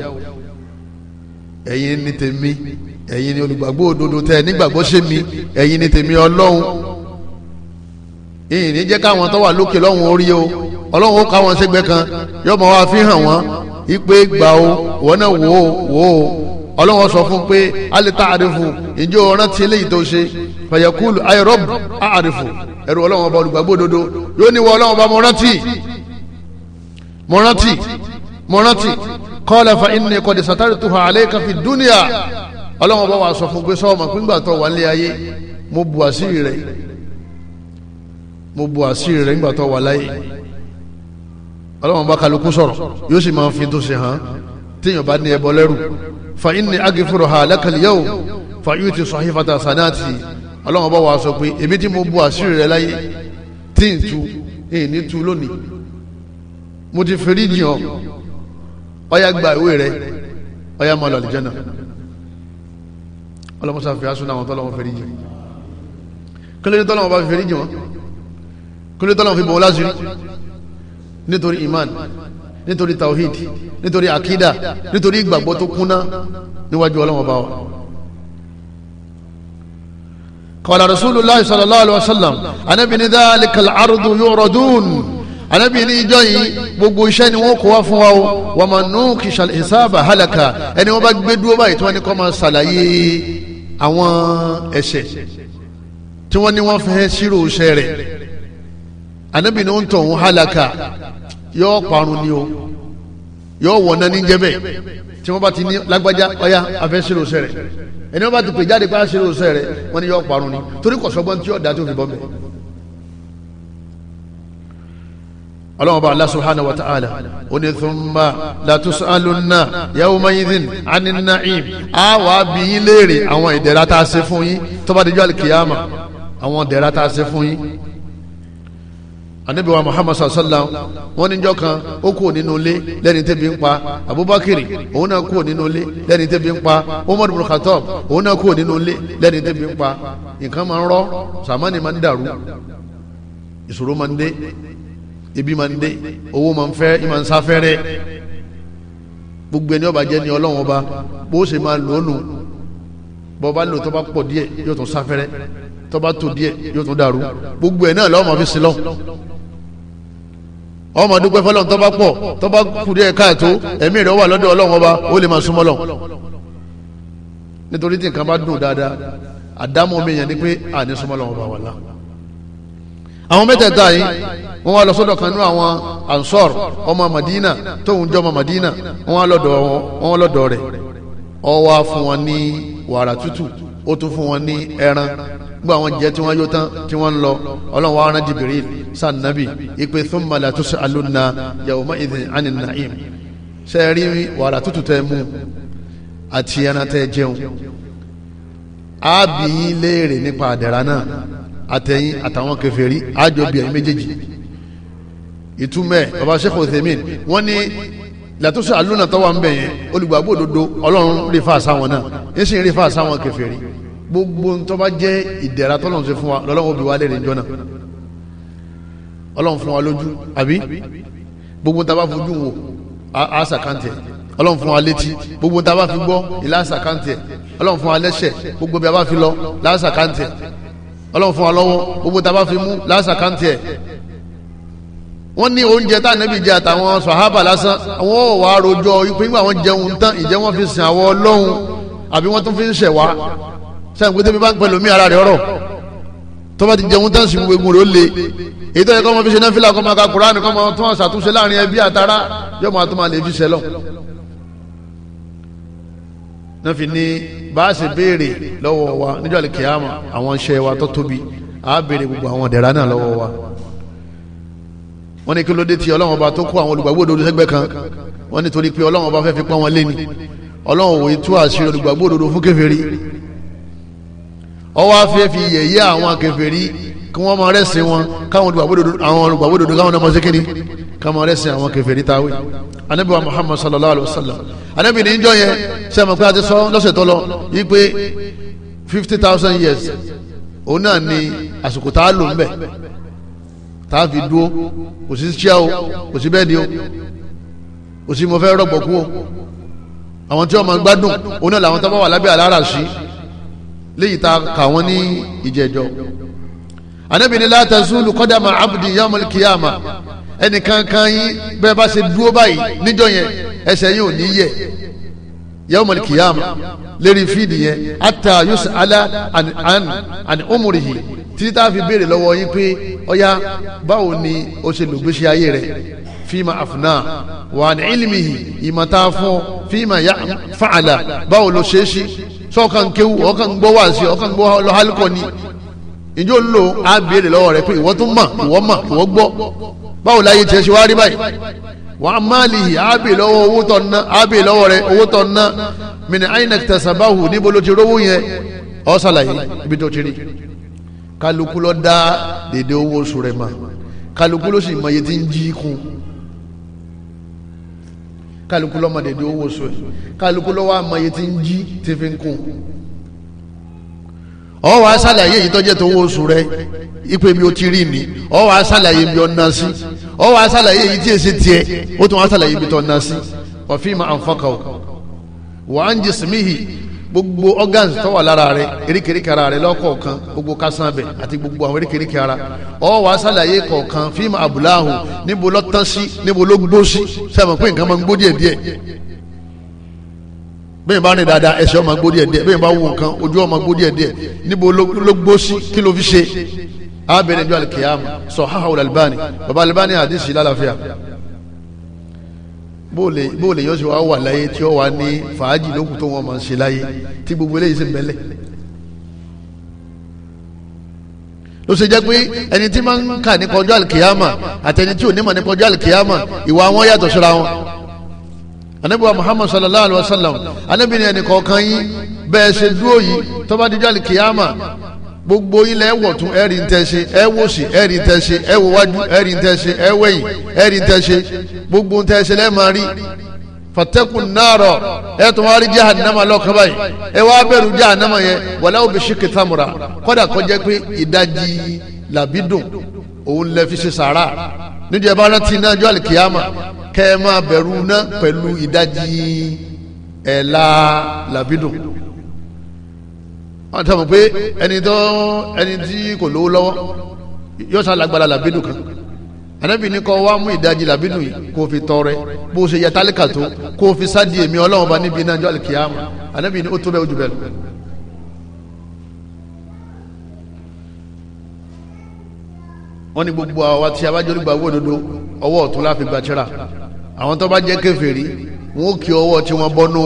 ẹ̀yin ni tèmi ẹ̀yin ni olùgbàgbọ́ òdodo tẹ́ nígbàgbọ́ ṣe ẹ̀yin ni tèmi ọlọ́run ìyìn ní jẹ́ káwọn tó wà lókè lọ́hùn orí o ọlọ́hun ó káwọn ṣègbè kan yóò mọ̀ wá fi hàn wọ́n ìpè gbà o wọ́n náà wò ó wò ó ọlọ́hun sọ fún pé alẹ́ tá àrífù ìjọ rántí eléyìí tó ṣe fàyẹ̀kúlù ayọ̀rọ̀ àrífù ẹ̀rù ọlọ́hun ọba olùgbàgbọ́ òdodo yóò ní wọ ọlọ́hun ọba mo rántí mo rántí mo rántí kọ́lá fa inni kọ́dé sátárì tó hàn alẹ́ káfí dúnìyà ọlọ́hun ọba wà sọ fún pé sọ́ọ̀mà pínpà tó wà nílé ayé mo bù àṣírí rẹ̀ mo bu àṣírí rẹ̀ nígbà tó wà láyé ọlọ́run bá kálukú sọ̀rọ̀ yóò sì máa fi tó ṣe hàn téèyàn bá ní ẹbọ lẹ́rù fa inni agifuru ha lakal yawm fa yóò ti sọ àyífàtà sanáàtì ọlọ́run wà sọ pé èmi tí mo bu àṣírí rẹ̀ láyé tí n tu èyí ní tu lónìí mo ti feri jìyàn ọyà gba ìwé rẹ̀ ọyà máa lọ àlìjánà ọlọ́mọ sáfì asúnà àwọn tọ́lọ́mọ feri jìyàn kílódé tọ́lọ́mọ fi feri jìyàn kí ló tọ́lọ́ fi bọ̀ lásìrí nítorí iman nítorí tawhid nítorí akida nítorí ìgbàgbọ́ tó kúnná níwájú ọlọ́wọ́n bá wa. qala rasulullah sallallahu alayhi wa sallam anabi ni dhalika al-ardu yuradun anabi ni ijọ́ yìí gbogbo iṣẹ́ ni wọ́n kọ́ wá fún wa o wa man nukisha al-hisaba halaka ẹni wọ́n bá gbé dúró báyìí tí wọ́n ní kọ́ máa ṣàlàyé àwọn ẹ̀ṣẹ̀ tí wọ́n ní wọ́n fẹ́ ṣírò iṣẹ́ rẹ̀ anabi ni ó ń tọ̀ ń halaka yóò parun ni o yóò wọ̀ náà ní jẹ́bẹ̀ tí wọ́n bá ti ní lágbájá ọ̀yá afẹ́ sílò sẹ́rẹ̀ ẹni wọ́n bá ti pè jáde pé sílò sẹ́rẹ̀ wọ́n ní yóò parun ni torí kọ̀sọ́gbọ́n tí yóò dá tó fi bọ́ mẹ́. ọlọ́run bá Allah subhanahu wa ta'ala ó ní thumma latus'alunna yawma idhin 'anin na'im á wà á bí yín léèrè àwọn ìdẹ̀ra tá a ṣe fún yín tó dijọ́ àlùkìyàmà àwọn ìdẹ̀ra tá a ṣe fún yín anabi wa muhammad sallam wọn níjọ́ kan ó kúrò nínú ilé lẹ́ni tẹ́bi ń pa abubakar òun náà kúrò nínú ilé lẹ́ni tẹ́bi ń pa umar bin khattab òun náà kúrò nínú ilé lẹ́ni tẹ́bi ń pa nǹkan máa ń rọ sàmánì daru, ń dàrú ìṣòro ibi máa ń dé owó máa ń fẹ́ ìmọ̀ ń sáfẹ́rẹ́ gbogbo ẹni ọba jẹ́ ni ọlọ́wọ́n ọba bó ṣe máa lò ó nù bọ́ bá lò tó bá pọ̀ díẹ̀ yóò tún sáfẹ́rẹ́ gbogbo ẹ̀ náà lọ́wọ́ fi sílọ́ọ̀ ọmọ dúpẹ́ fọlọ́n tó bá pọ̀ tó bá kú díẹ̀ káàtó ẹ̀mí rẹ̀ wà lọ́dọ̀ ọlọ́run ọba ó lè máa súnmọ́ lọ. nítorí tí nǹkan bá dùn dáadáa àdámọ́ mi yẹn ni pé àní súnmọ́ lọ́wọ́ ọba wà lá. àwọn mẹ́tẹ̀ẹ̀ta yìí wọ́n wá lọ sọ́dọ̀ kan nínú àwọn ansor ọmọ madina tóun jọ ọmọ madina wọ́n wá lọ́dọ̀ wọ́n lọ́dọ̀ rẹ̀ ó wá fún wọn ní wàrà tútù ó tún fún wọn ní ẹran gbọ́ àwọn jẹ́ tí wọ́n yó tán tí wọ́n ń lọ ọlọ́run wa rán Jibril san nabi ipe thumma la tus'alunna yawma idhin anin na'im ṣe rí wàrà tútù tẹ mú àti ẹran tẹ jẹun àbí léèrè nípa àdẹ̀rà náà àtẹ̀yìn àtàwọn kèfèrí àjọ bí ẹ̀yin méjèèjì ìtumẹ̀ baba sheikh othemin wọ́n ní làtúnṣe àlùnà tọ́wọ́ ń bẹ̀yẹn olùgbàgbọ́ òdodo ọlọ́run rí fáṣà wọn náà ń sì rí fáṣà wọn kèfèrí gbogbo ń tọ́ba jẹ́ ìdẹ̀ra tọ́lọ́run ṣe fún wa lọ́lọ́run òbí wa lè rìn jọ́nà ọlọ́run fún wa lójú àbí gbogbo tá a bá fojú wo a ṣàkántẹ̀ ọlọ́run fún wa létí gbogbo tá a bá fi gbọ́ ìlà ṣàkántẹ̀ ọlọ́run fún wa lẹ́sẹ̀ gbogbo bí a bá fi lọ láṣàkántẹ̀ ọlọ́run fún wa lọ́wọ́ gbogbo tá a bá fi mú láṣàkántẹ̀ wọ́n ní oúnjẹ tá ànábì jẹ àtàwọn sàhábà lásán àwọn ò wá rojọ́ ipò nígbà jẹun tán ìjẹ́ wọn fi sìn àwọn ọlọ́run àbí wọ́n tún fi ń ṣẹ̀wá sẹ́yìn pété mi bá ń pẹ́ lómi ara rẹ̀ ọ̀rọ̀ tó bá ti jẹun tán sí gbogbo rẹ̀ ó le èyí tó yẹ kọ́ ọmọ fi ṣe náà fìlà kọ́ ọmọ ká kuraani kọ́ ọmọ tó wọn ṣàtúnṣe láàrin ẹbí àtàrà yóò máa tó máa lè fi ṣe lọ. náà fi ní bá a ṣe béèrè lọ́wọ́ wa níjọ́ àlè kìámà àwọn iṣẹ́ wa tó tóbi a béèrè gbogbo àwọn ọ̀dẹ̀rà náà lọ́wọ́ wa. wọ́n ní kí ló dé ti Ọlọ́run ọba tó kó àwọn olùgbàgbọ́ òdodo sẹ́gbẹ́ kan wọ́n ni Ọlọ́run òwe tú àṣírí olùgbàgbọ́ òdodo ọwọ́ afẹ́ fi yẹ̀yẹ́ àwọn kèfèrí kí wọ́n máa rẹ́sìn wọn káwọn olùgbàwódodo káwọn ọmọ sékìní káwọn rẹ́sìn àwọn kèfèrí táwé anabi wa muhammad sallallahu alayhi wa sallam anabi ní jọ yẹn sẹ́mi pé a ti sọ lọ́sẹ̀ tó lọ yí pé fifty thousand years òun náà ni àsìkò tá a lò ń bẹ̀ tá a fi dúró kò sí chair o kò sí bẹ́ẹ̀dì o kò sí mo fẹ́ rọ̀gbọ̀kú o àwọn tí wọ́n máa gbádùn òun náà làwọn tó bá wà lábẹ́ àlárà sí léyìí ta kà wọ́n ní ìjẹ́jọ́ anabi ni láta zulu kọ́dàmà abdi yamal kiyama ẹnì kankan yín bẹ́ẹ̀ bá ṣe dúró báyìí níjọ́ yẹn ẹsẹ̀ yín ò ní yẹ̀ yamal kiyama lérí fídì yẹn ata yus ala an an an umurihi títí tá a fi béèrè lọ́wọ́ yín pé ọ̀ya báwo ni o ṣe lògbèsè ayé rẹ̀ fíìmà àfúnà wà ní ilmihi ìmọ̀ta fún fíìmà yá fàlà báwo ló ṣe sọ́kàn kéwù ọ̀kàn gbọ́ wá sí ọ̀kàn gbọ́ lọ́hálùkọ́ ni ìjọ ń lo, á béèrè lọ́wọ́ rẹ pé ìwọ tún mọ̀ ìwọ mọ̀ ìwọ gbọ́ báwo láyé tiẹ̀ ṣe wá rí báyìí wà á máa lè yìí á bè lọ́wọ́ owó tọ̀ ná á bè lọ́wọ́ rẹ owó tọ̀ ná mìíràn inec tẹ̀sánbáhù níbo ló ti rówó yẹn ó ṣàlàyé ibi tó ti rí kálukú ló dá dédé owó oṣù rẹ̀ mà kálukú ló sì mọ iye tí ń jí kún kálukú lọ́mọdé di owó oṣù ẹ̀ kálukú lọ́wọ́ àmọye tí ń jí ti fi ń kún ọ wàá ṣàlàyé tọ́jẹ́ tó owó oṣù rẹ ipe mi ò ti rí ni ọ wàá ṣàlàyé mi ọ̀nà sí ọ wàá ṣàlàyé èyí tí èsì tiẹ̀ ó tún wàá ṣàlàyé tọ̀ ọ̀nà sí ọ̀fíìmọ̀ àǹfọ̀kà ò wàá ń jẹ sìmíhì gbogbo organs tó wà lára rẹ eríkèéríkèé ara rẹ lọ́kọ̀ọ̀kan gbogbo kásán abẹ àti gbogbo àwọn eríkèéríkèé ara ọ wà á sàlàyé kọ̀ọ̀kan fíìmù àbùláhùn níbo ló tán sí níbo ló gbó sí sẹ́mi pé nǹkan máa ń gbó díẹ̀ díẹ̀ bẹ́ẹ̀ bá rìn dáadáa ẹsẹ̀ ọmọ gbó díẹ̀ díẹ̀ bẹ́ẹ̀ bá wù nǹkan ojú ọmọ gbó díẹ̀ díẹ̀ níbo ló gbó sí kí ló fi ṣe ábẹ̀rẹ̀ ìjọ àlùkìyàmù sọ bóòlè bóòlè yóò ṣe wá wà láyé tí ó wà ní fàájì lókù tó wọn máa ń ṣe láyé tí gbogbo eléyìí sì ń bẹ́lẹ̀. ló ṣe jẹ́ pé ẹni tí máa ń kà nípa ọjọ́ àlìkìyàmà àti ẹni tí ò ní mà nípa ọjọ́ àlìkìyàmà ìwà wọn yàtọ̀ síra wọn. anabiwa muhammad sallallahu alayhi wa sallam anabi ẹnì kọ̀ọ̀kan yín bẹ́ẹ̀ ṣe dúró yìí tó bá dijọ́ àlìkìyàmà gbogbo ilẹ̀ ẹ̀wọ̀tún ẹ̀rì ń tẹ̀ṣe ẹ̀wòsì ẹ̀rì ń tẹ̀ṣe ẹ̀wòwájú ẹ̀rì ń tẹ̀ṣe ẹ̀wẹ̀yìn ẹ̀rì ń tẹ̀ṣe gbogbo ń tẹ̀ṣe lẹ́ẹ̀ máa rí fatakun naarọ ẹ tún wá rí jahannama lọ́kàn báyìí ẹ wá bẹ̀rù jahannama yẹn wàláwò bí ṣìkì tamura kọ́dà kọjá pé ìdajì làbídùn òun lẹ fi ṣe sàrà níjẹ ẹ wọ́n ti sọ pé ẹni tó ẹni tí kò lówó lọ́wọ́ yóò sá lágbára làbínú kan ànábì ní kọ́ wá mú ìdajì làbínú yìí kó fi tọrẹ bó ṣe yẹ tálíkà tó kó fi sádi èmi ọlọ́run bá níbi náà jọ àlìkìyàmù ànábì ní ó tó bẹ́ẹ̀ ojú bẹ́ẹ̀ lọ. wọ́n ní gbogbo àwa tí abájọ́ nígbà owó òdodo ọwọ́ ọ̀tún láfi gbàtsẹ́ra àwọn tó bá jẹ́ kèfèrí wọn ó kí ọwọ́ tí wọ́n bọ́nú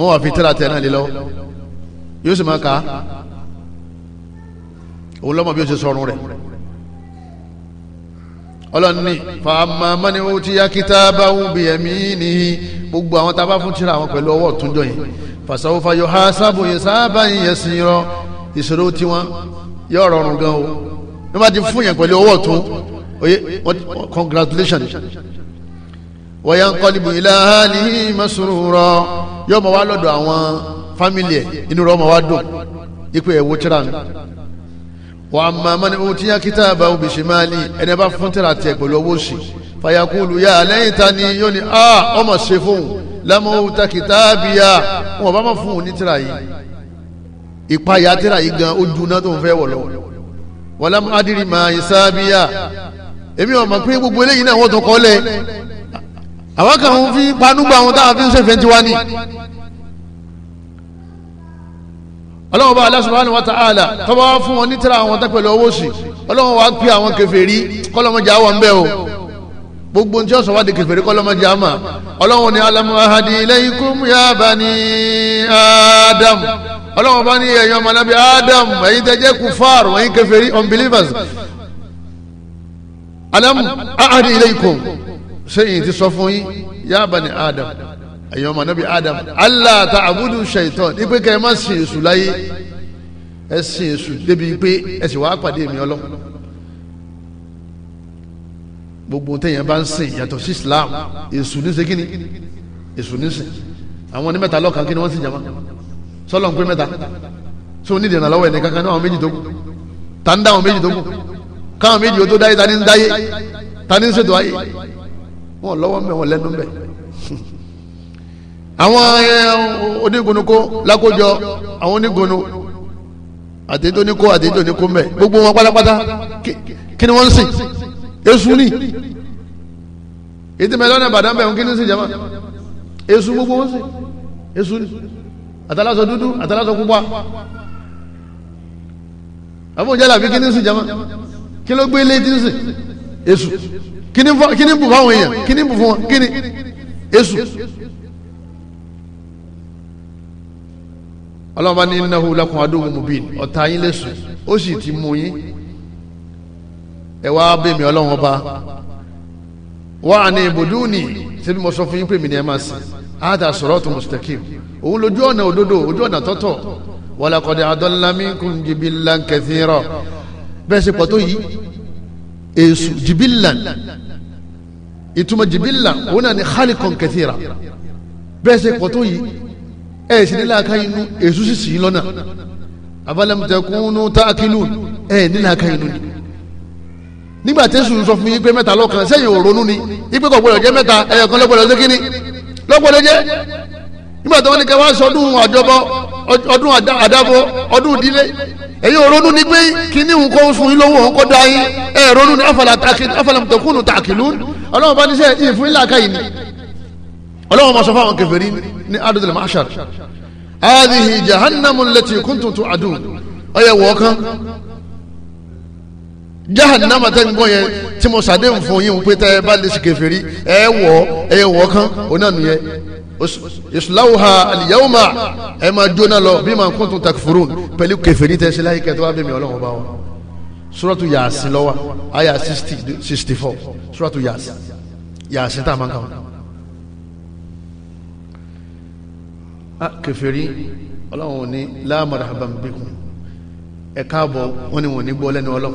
wọ́n wà fi tíra tẹ̀ náà lé lọ yóò sì máa kà á òun lọ́mọ bí ó ṣe sọrun rẹ̀ ọlọ́ni fàámà mọ́ni ó ti yá kíta bá ń bi ẹ̀mí nìyí gbogbo àwọn tá a bá fún tíra àwọn pẹ̀lú ọwọ́ ọ̀túnjọ yìí fàṣàwọ́fà yóò ha sábò yẹn sábà yìí yẹn sí irọ́ ìṣòro tiwọn yóò rọrùn gan o nígbà tí fún yẹn pẹ̀lú ọwọ́ ọ̀tún oye congratulations wọ́yá ń kọ́líbù ilá hàlì masrura yóò máa wá lọ́dọ̀ àwọn fámìlì ẹ̀ inú rẹ̀ ọmọ wa dùn ipò ẹ̀wò tíra mi. wà á máa mọ́ni ohun tí yá kíta bá obì ṣe máa lì ẹni bá fún tíra tiẹ̀ pẹ̀lú owó sí fàyàkùlù yá lẹ́yìn gan ojú náà tó ń fẹ́ wọ̀ lọ wọ́n lámọ́ adìrì máa yẹ èmi ò mọ̀ pé gbogbo eléyìí náà wọ́n tó kọ́ lẹ́ àwọn kan ń fi panúgbà àwọn táwọn fi ń ṣe fẹ́ntì wá ní. ọlọ́run bá Allah subhanahu wa ta'ala tó bá fún wọn nítìrà àwọn tó pẹ̀lú owó sí ọlọ́run wá pé àwọn kèfèrí kọ́lọ́mọjà wọn bẹ́ẹ̀ o gbogbo ntí ọ̀sán wá di kèfèrí kọ́lọ́mọjà àmà ọlọ́run ni alam ahadi ilaykum ya bani adam ọlọ́run bá ní ẹ̀yin ọmọ nàbí adam ẹ̀yin tẹ́ jẹ́ kufar ẹ̀yin kèfèrí unbelievers alam ahadi ilaykum sẹ́yìn ti sọ fún yín ya bani adam ẹ̀yin ọmọ nabi adam allah ta'budu shaitan ní pé kẹ́ ẹ má sìn èṣù láyé ẹ sìn èṣù débi pé ẹ sì wàá pàdé mi ọlọ́ gbogbo téèyàn bá ń sìn yàtọ̀ sí islam èṣù ní ṣe kíni èṣù ní sìn àwọn onímẹ́ta lọ́kàn kí ni wọ́n sì jama sọlọ ń pè mẹ́ta tó ní ìdènà lọ́wọ́ ẹ̀ kankan ní àwọn méjì tó tá ń dá àwọn méjì tó káwọn méjì ó tó dáyé ta ní ń dáyé ta ní ń ṣètò ayé wọn lọ́wọ́ ń bẹ̀ wọn lẹ́nu ń bẹ̀ àwọn onígunukó lákòjọ àwọn onígunu àtẹ̀tò níkó àtẹ̀tò níkó ń bẹ̀ gbogbo wọn pátápátá kí ni wọ́n ń sìn èṣù ni ètò mẹ́lọ́nà ìbàdàn bẹ̀ wọn kí ni ń sìn jama èṣù gbogbo wọn sìn èṣù ni àtàlásọ dúdú àtàlásọ pupa àbújá làbí kí ni ń sìn jama kí ló gbé ilé tí ń sìn èṣù kíní bù fáwọn èèyàn kíní bù fún wọn kíní Èṣù. ọlọ́run bá ní innahu lakum aduwwun mubin ọ̀tá yín lẹ́sù ó sì ti mú yín ẹ wá bèmí ọlọ́run ọba wá àní ibuduni ṣebí mo sọ fún yín pé mi ni ẹ máa sìn áàdà siratun mustaqim òun lójú ọ̀nà òdodo ojú ọ̀nà tọ́tọ̀ walaqad adalla minkum jibillan kathira bẹ́ẹ̀ yìí èsù jìbìlà ìtumọ̀ jìbìlà òun náà ni khalikan kathira bẹ́ẹ̀ ṣe pọ̀ tó yìí ẹ̀ sì nílá aka inú èsù sì takunu ta'qilun ẹ̀ nílá aka inú ni nígbà tí èsù sọ fún yín pé mẹ́ta lọ́kàn sẹ́yìn òrónú ni ipe kò gbọdọ̀ jẹ́ mẹ́ta ẹ̀yọ̀kan lọ́gbọdọ̀ jẹ́ kínní lọ́gbọdọ̀ jẹ́ nígbà tí wọ́n ní kẹ́ sọdún àjọbọ ọdún àdábọ ọdún ìdílé ẹ̀yin òrónú ni pé kíní òun kó fún yín lówó òun kó dá yín ẹ̀ ronú ni afàlàmùtẹ̀kùnù tàkìlú ọlọ́run bá níṣẹ́ yìí fún ìlàkà yìí ni ọlọ́run ma sọ fáwọn kèfèrí ní adúlẹ̀ mahashar adìhì jahannamu lẹ́tì kúntùntù adùn ọyẹ wọ̀ọ́kán jahannama tẹ́ yẹn tí mo sàdéhùn fún yín pé tẹ́ ẹ bá lè ṣe kèfèrí ẹ wọ̀ ẹ wọ̀ọ́kán onáà nìyẹn islawuha aliyahuma ẹ máa jóná lọ bí ma kuntum takfurun pẹ̀lú kẹfẹ́rí tẹ ṣe láyé kẹtọ́ wa bẹ̀ mí ọlọ́run bá wa suratu yasin lọ́wọ́ aya sixty sixty four suratu yasin yasin tá a máa ń kà wọn. kẹfẹ́rí ọlọ́run ní la ẹ káàbọ̀ wọn ni wọn ní gbọ́ lẹ́nu ọlọ́run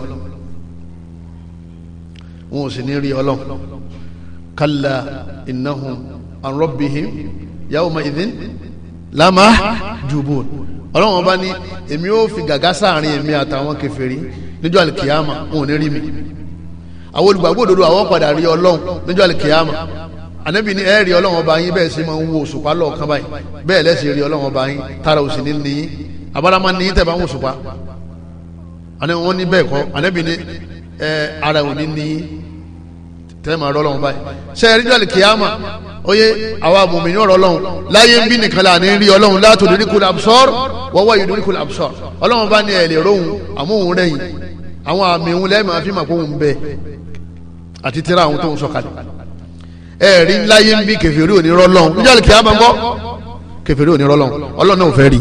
wọn ò sì ní rí ọlọ́run kalla innahum an rabbihim yawma idhin lama jubun ọlọ́run ọba ní èmi ó fi gàgá sáàrin èmi àtàwọn kèfèrí níjọ́ àlìkìyàmà wọn ò ní rí mi àwọn olùgbàgbọ́ òdodo àwọn padà rí ọlọ́run níjọ́ àlìkìyàmà ànábì ní ẹ rí ọlọ́run ọba yín bẹ́ẹ̀ sì máa ń wo òṣùpá lọ́ọ̀kan báyìí bẹ́ẹ̀ lẹ́sìn rí ọlọ́run ọba yín tara òsì ní ní yín abáramá ní tẹ̀ bá ń wo òṣùpá wọ́n ní bẹ́ẹ̀ kọ́ oye àwa mùmí ní ọ̀rọ̀ ọlọ́run láyé ń bí nìkan là ní rí ọlọ́run látò lóríkù absor wọ́wọ́ yìí lóríkù absor ọlọ́run bá ní ẹ̀ lè róhun àmóhun rẹ̀yìn àwọn àmì òun lẹ́yìn máa fi mà kóhun bẹ́ẹ̀ àti tíra àwọn tó ń sọ̀kalẹ̀ ẹ̀ rí láyé ń bí kẹfìrí òní rọlọ́run níjàlè kí a máa gbọ́ kẹfìrí òní rọlọ́run ọlọ́run náà ò fẹ́ rí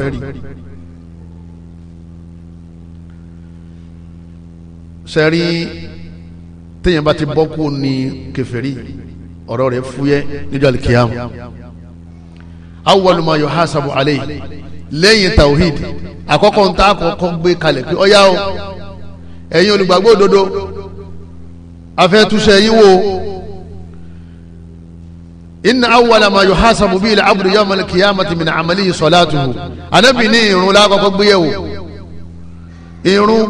sẹ́rí téèyàn bá ti bọ́ kú ni kẹfìrí ọ̀rọ̀ rẹ̀ fúyẹ́ níjọ́ alikiyam awwalu ma yuhasabu alayhi lẹ́yìn tawhid àkọ́kọ́ ń ta àkọ́kọ́ gbé kalẹ̀ pé ọ̀yá o ẹ̀yin olùgbàgbọ́ òdodo afẹ́túnṣe yín wo inna awwala ma yuhasabu bihi al-abdu yawma al-qiyamati min amalihi salatuhu anabi ní irun lákọ̀ọ́kọ́ gbéyẹ̀wò irun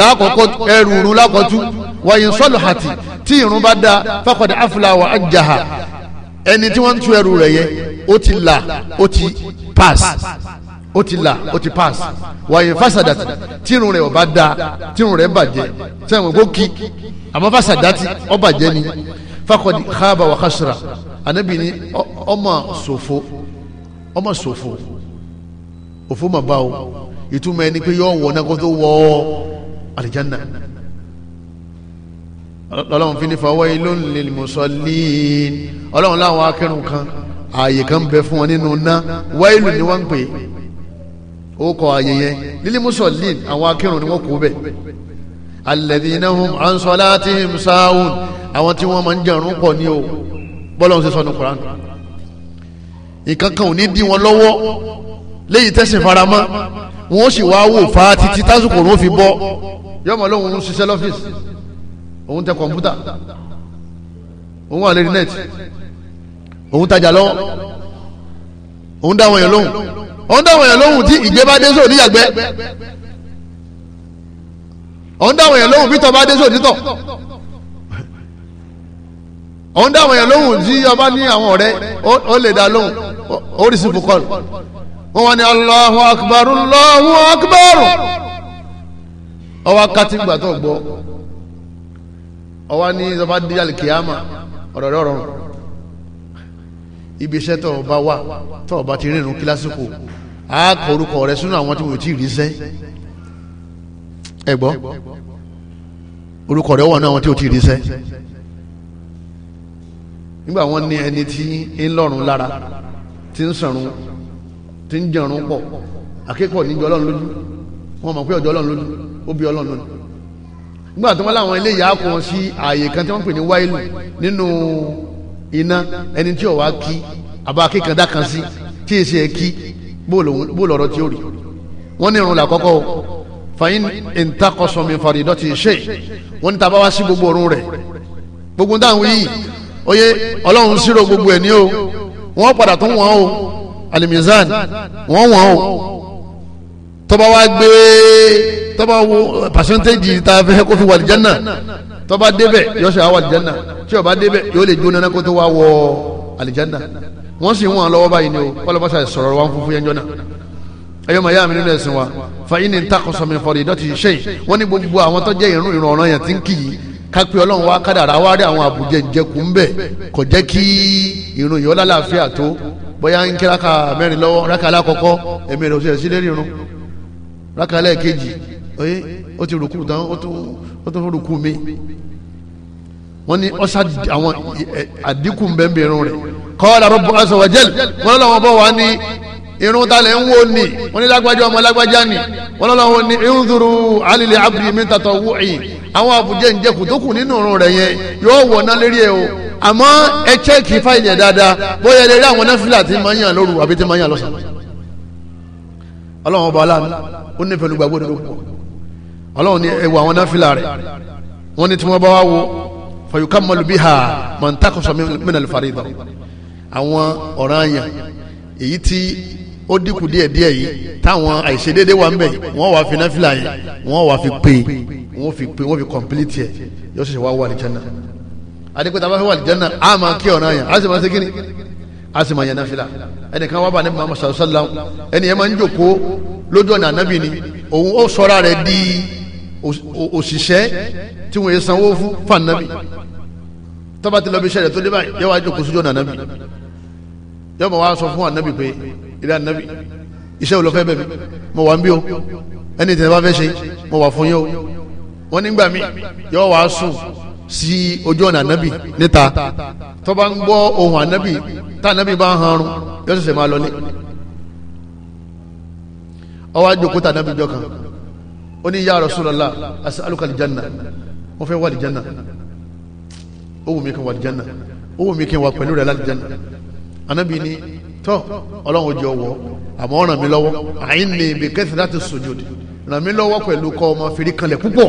lákọ̀ọ́kọ́ ẹrù irun lákọ̀ọ́tú wàyí sọlùhàtì tí irun bá da fàkọ̀dé àfúláwà àjàhà ẹni tí wọ́n ń tú ẹrù rẹ̀ yẹ ó ti là ó ti pass ó ti là ó ti pass wàyí fásadàtì tí irun rẹ̀ ò bá da tí irun rẹ̀ bàjẹ́ sẹ́wọ̀n kó kí àmọ́ fásadàtì ó bàjẹ́ ni fàkọ̀dé khaba wà khasra ànábì ni ọmọ sòfò ọmọ sòfò òfò mà bá o ìtumọ̀ ẹni pé yọ wọ̀ náà kó tó wọ̀ ọ́ àlìjáná ọlọ́run fi ní fawailun lil musallin ọlọ́run láwọn akẹ́rùn kan ààyè kan bẹ fún wọn nínú ná wáìlù ni wọ́n ń pè ó kọ ààyè yẹn lil musallin àwọn akẹ́rùn ni wọ́n kó bẹ̀ alladhina hum an salatihim sahun àwọn tí wọ́n máa ń jẹun pọ̀ ní o bọ́lọ́run ṣe sọ ní Qur'an nǹkan kan ò ní dí wọn lọ́wọ́ léyìí tẹ́sí faramọ́ wọn ó sì wá wò fa títí tásìkò ló fi bọ́ yọmọ lóhun ń ṣiṣẹ́ lọ́fíìsì òun tẹ kọ̀ǹpútà òun wà lórí nẹ́ẹ̀tì òun tajà lọ́wọ́ òun dáwọn èèyàn lóhùn òun dáwọn èèyàn lóhùn tí ìgbé dé sóò níyàgbẹ́ òun dáwọn lóhùn bá dé sóò òun dáwọn lóhùn tí ọba ní àwọn ọ̀rẹ́ ó lè dá lóhùn ó rí sípò kọ́ọ̀lù ní ọwá ní ìjọba díjàlì kìámà ọ̀rọ̀ rẹ̀ ọ̀rọ̀ ibi iṣẹ́ tó o bá wà tó o bá ti rìnrìn kí lásìkò á kọ orúkọ rẹ sínú àwọn tí mo ti rí sẹ́ ẹ orúkọ rẹ wà ní àwọn tí o ti rí sẹ́ nígbà wọn ní ẹni tí ń lọ́rùn lára tí ń sọ̀rùn tí ń jẹun pọ̀ akẹ́kọ̀ọ́ níjọ́ ọlọ́run lójú wọn mọ̀ pé ọjọ́ ọlọ́run lójú ó bí ọlọ́run lójú nígbà tí wọ́n láwọn eléyìí á kó wọn sí ààyè kan tí wọ́n pè ní wáìlù nínú iná ẹni tí ò wá kí àbá kíkandá kan sí tí èsì ẹ̀ kí bó lọ́rọ̀ tí ó rí wọ́n ní irun làkọ́kọ́ o fàyín ìntàkọ̀sọ̀mí fàrídọ́tì ṣe wọ́n ní tàbá wá sí gbogbo ọ̀run rẹ̀ gbogbo dáhùn yìí oyè ọlọ́run sírò gbogbo ẹ̀ ní o wọ́n padà tún wọ́n o alimizan wọ́n wọ́n o tọ́ba wá gbé tọ́ba wo pàṣẹ́ntéèjì tá a fẹ́ kó fi wàlìjánà tọ́ba débẹ̀ yọ̀ṣẹ̀ àwọn àlìjánà tí ọba débẹ̀ yóò lè jóná kó tó wá wọ àlìjánà wọ́n sì ń wọn lọ́wọ́ báyìí ni o kọ́lọ́mọ́sà sọ̀rọ̀ wa ń fún fún yẹn jọ́nà ẹ̀yọ́ màá yá mi nínú ẹ̀sìn wa fàyín ní ntakọ̀sọ̀ mi fọ̀rọ̀ ìdọ̀tí ṣe wọ́n ní gbogbo àwọn tó jẹ́ ìrún ìrún ọ̀ràn yẹn ti ń kì í kápẹ́ ọlọ́run wa kádàrá wá rí àwọn àbújẹ ìjẹkù ń bẹ̀ kò jẹ́ kí ìrún ìyọ́ lálàáfíà tó bóyá ń kí raka mẹ́rin lọ́wọ́ raka alákọ̀ọ́kọ́ ẹ̀mí rẹ̀ òṣèlú sílẹ̀ ìrún raka ẹlẹ́ẹ̀kejì oye o ti rùkú tán o tún ó tún rùkú mi wọ́n ni ọ̀sà àwọn àdínkù bẹ́ẹ̀bẹ̀rún rẹ̀ qala rabbu azza wa jal wọ́n lọ́wọ́ bọ̀ wa ni irun ta lẹ̀ ń wo ni wọ́n ní lágbájá ọmọ ni wọ́n lọ́wọ́ ní irunzuru alilẹ̀ abiri mi tàtọ̀ wúhìn àwọn àbújá ìjẹkù tó kù nínú ọ̀run rẹ̀ yẹn yóò wọ̀ ná lérí ẹ̀ o àmọ́ ẹ chẹ́ẹ̀kì fáìlì A dáadáa bóyá lè rí àwọn náfìlà tí máa ń yàn lóru àbí ọlọ́run ní ẹwà àwọn náfìlà rẹ̀ wọ́n ní tí wọ́n bá wá wo fọyùká mọlùbí ha mọ̀ntàkùsọ mìíràn fàrídà àwọn ọ̀ranyàn èyí tí ó dínkù díẹ̀ díẹ̀ yìí táwọn àìṣedéédé wà ń bẹ wọ́n wà fi náfìlà yìí wọ́n wà fi pè wọ́n fi pè wọ́n fi kọ̀mpilítì ẹ̀ yóò ṣẹ̀ṣẹ̀ wá wà ní jẹ́nà adékòtà bá fẹ́ wà ní jẹ́nà á máa kí ọ̀ranyàn á sì máa ṣe kíni sì máa yẹn náfìlà ẹnìkan wà bá ní Muhammad sallallahu alaihi wasallam ẹnìyẹn máa ń jòkó lójú ọ̀nà ànábì ni òun ó sọ òṣìṣẹ́ tí wọ́n yẹ sanwó fún fanabi tọ́ba ti lọ bí iṣẹ́ rẹ̀ tó dé báyìí yẹ́wọ́ àjọ kò sójú nànàbì yẹ́wọ́ mọ̀ wá sọ fún ànàbì pé ilé ànàbì iṣẹ́ wo lọ fẹ́ bẹ̀mí mo wà ń bí o ẹni ìtẹ̀lẹ́ bá fẹ́ ṣe mo wà fún yín o wọ́n nígbà mí yẹ́wọ́ wá sùn sí ojú ọ̀nà ànàbì níta tọ́ba ń gbọ́ ohun ànàbì tá ànàbì bá ń hanrun yọ́ sẹ̀sẹ̀ máa lọ ní ọwọ́ àjò tà ànàbì jọ kan ó ní ya Rasulullah as'aluka al-janna wọ́n fẹ́ wà ní janna ó wù mí kí n wà ní janna ó wù mí kí n wà pẹ̀lú rẹ̀ láti janna anabi ni tọ́ ọlọ́run ojú ọwọ́ àmọ́ ràn mí lọ́wọ́ àyín ni bi kathrati sujud ràn mí lọ́wọ́ pẹ̀lú kọ́ ọmọ fèrè kanlẹ̀ púpọ̀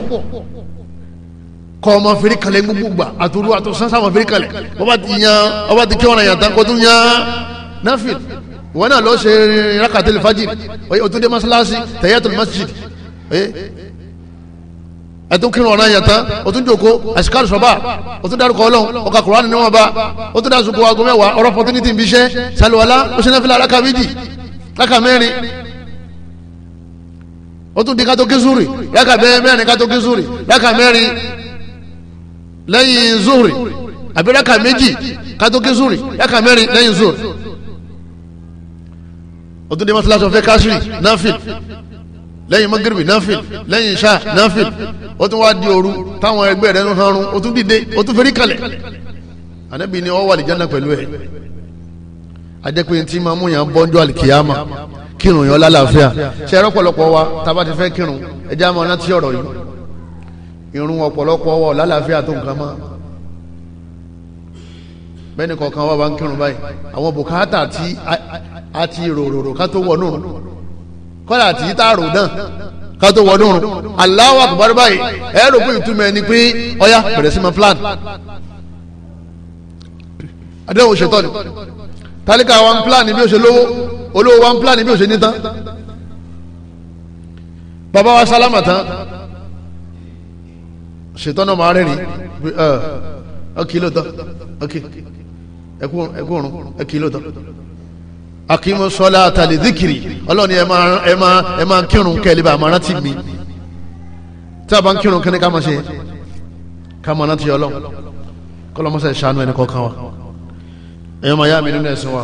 kọ́ ọmọ fèrè kanlẹ̀ gbogbo gbà àtòrú àtòsán sáwọn fèrè kanlẹ̀ bọ́bá ti yan bọ́bá ti kí wọn Eh? ẹ tún kírun ọ̀ràn yẹn tán o tún jòkó àṣìkárù sọ́ba o tún dárúkọ ọlọ́run ọkà kùránì níwọ̀n ba o tún dásùkò aago mẹ́wàá ọ̀rọ̀ fọtínítì ń bí iṣẹ́ sàlùwàlá ó ṣe náfìlà aláka méjì aláka mẹ́rin o tún di kátó késùrì láka bẹ́ẹ̀ mẹ́rin kátó késùrì láka mẹ́rin lẹ́yìn zúrì àbí láka méjì kátó késùrì láka mẹ́rin lẹ́yìn zúrì o tún di mọ́tíláṣọ fẹ́ káṣírì náfìlì lẹ́yìn mọ́gírìbì náfìl lẹ́yìn ṣá náfìl ó tún wá di òru táwọn ẹgbẹ́ rẹ̀ ń hanrun ó tún dìde ó tún fẹ́rí kalẹ̀ ànábì ni wọ́n wà lè jẹ́nà pẹ̀lú ẹ̀ ajẹ́pẹ́ tí máa mú yàn bọ́njú àlìkìyàmà kírun yàn lálàáfíà ṣe ẹ̀rọ pọ̀lọpọ̀ wa tába ti fẹ́ kírun ẹ̀jẹ̀ àmọ́ ọ̀nà tí ọ̀rọ̀ yìí irun ọ̀pọ̀lọpọ̀ wa lálàáfíà tó nǹkan mọ́ bẹ́ẹ̀ni kọ̀ọ̀kan wa bá ń kírun báyìí àwọn bùkátà tí a ti ròròrò ká tó wọ̀ náà kọ́lá àti yìí tààrò náà ká tó wọnú rùn Allahu Akbar báyìí ẹ rò pé ìtumọ̀ ẹni pé ọ̀yá bẹ̀rẹ̀ sí ma plan adéhùn ṣètọ́ ni tálíkà wa ń plan bí ó ṣe lówó olówó wa ń plan bí ó ṣe nítán bàbá wa sálámà tán ṣètọ́ náà máa rẹ́rìn ọkì lóòótọ́ ọkì ẹkú ọrùn ẹkì lóòótọ́ akimu sọlá tali zikiri ọlọ́ni ẹ máa ẹ máa ẹ máa kírun kẹlẹ́ bá a máa rántí mi tí a bá ń kírun kẹ́ni ká máa ṣe ká máa rántí ọlọ́ kọlọmọsẹ ìṣàánú ẹni kọ̀ọ̀kan wa ẹ̀yọ́ máa yá mi nínú ẹ̀sìn wa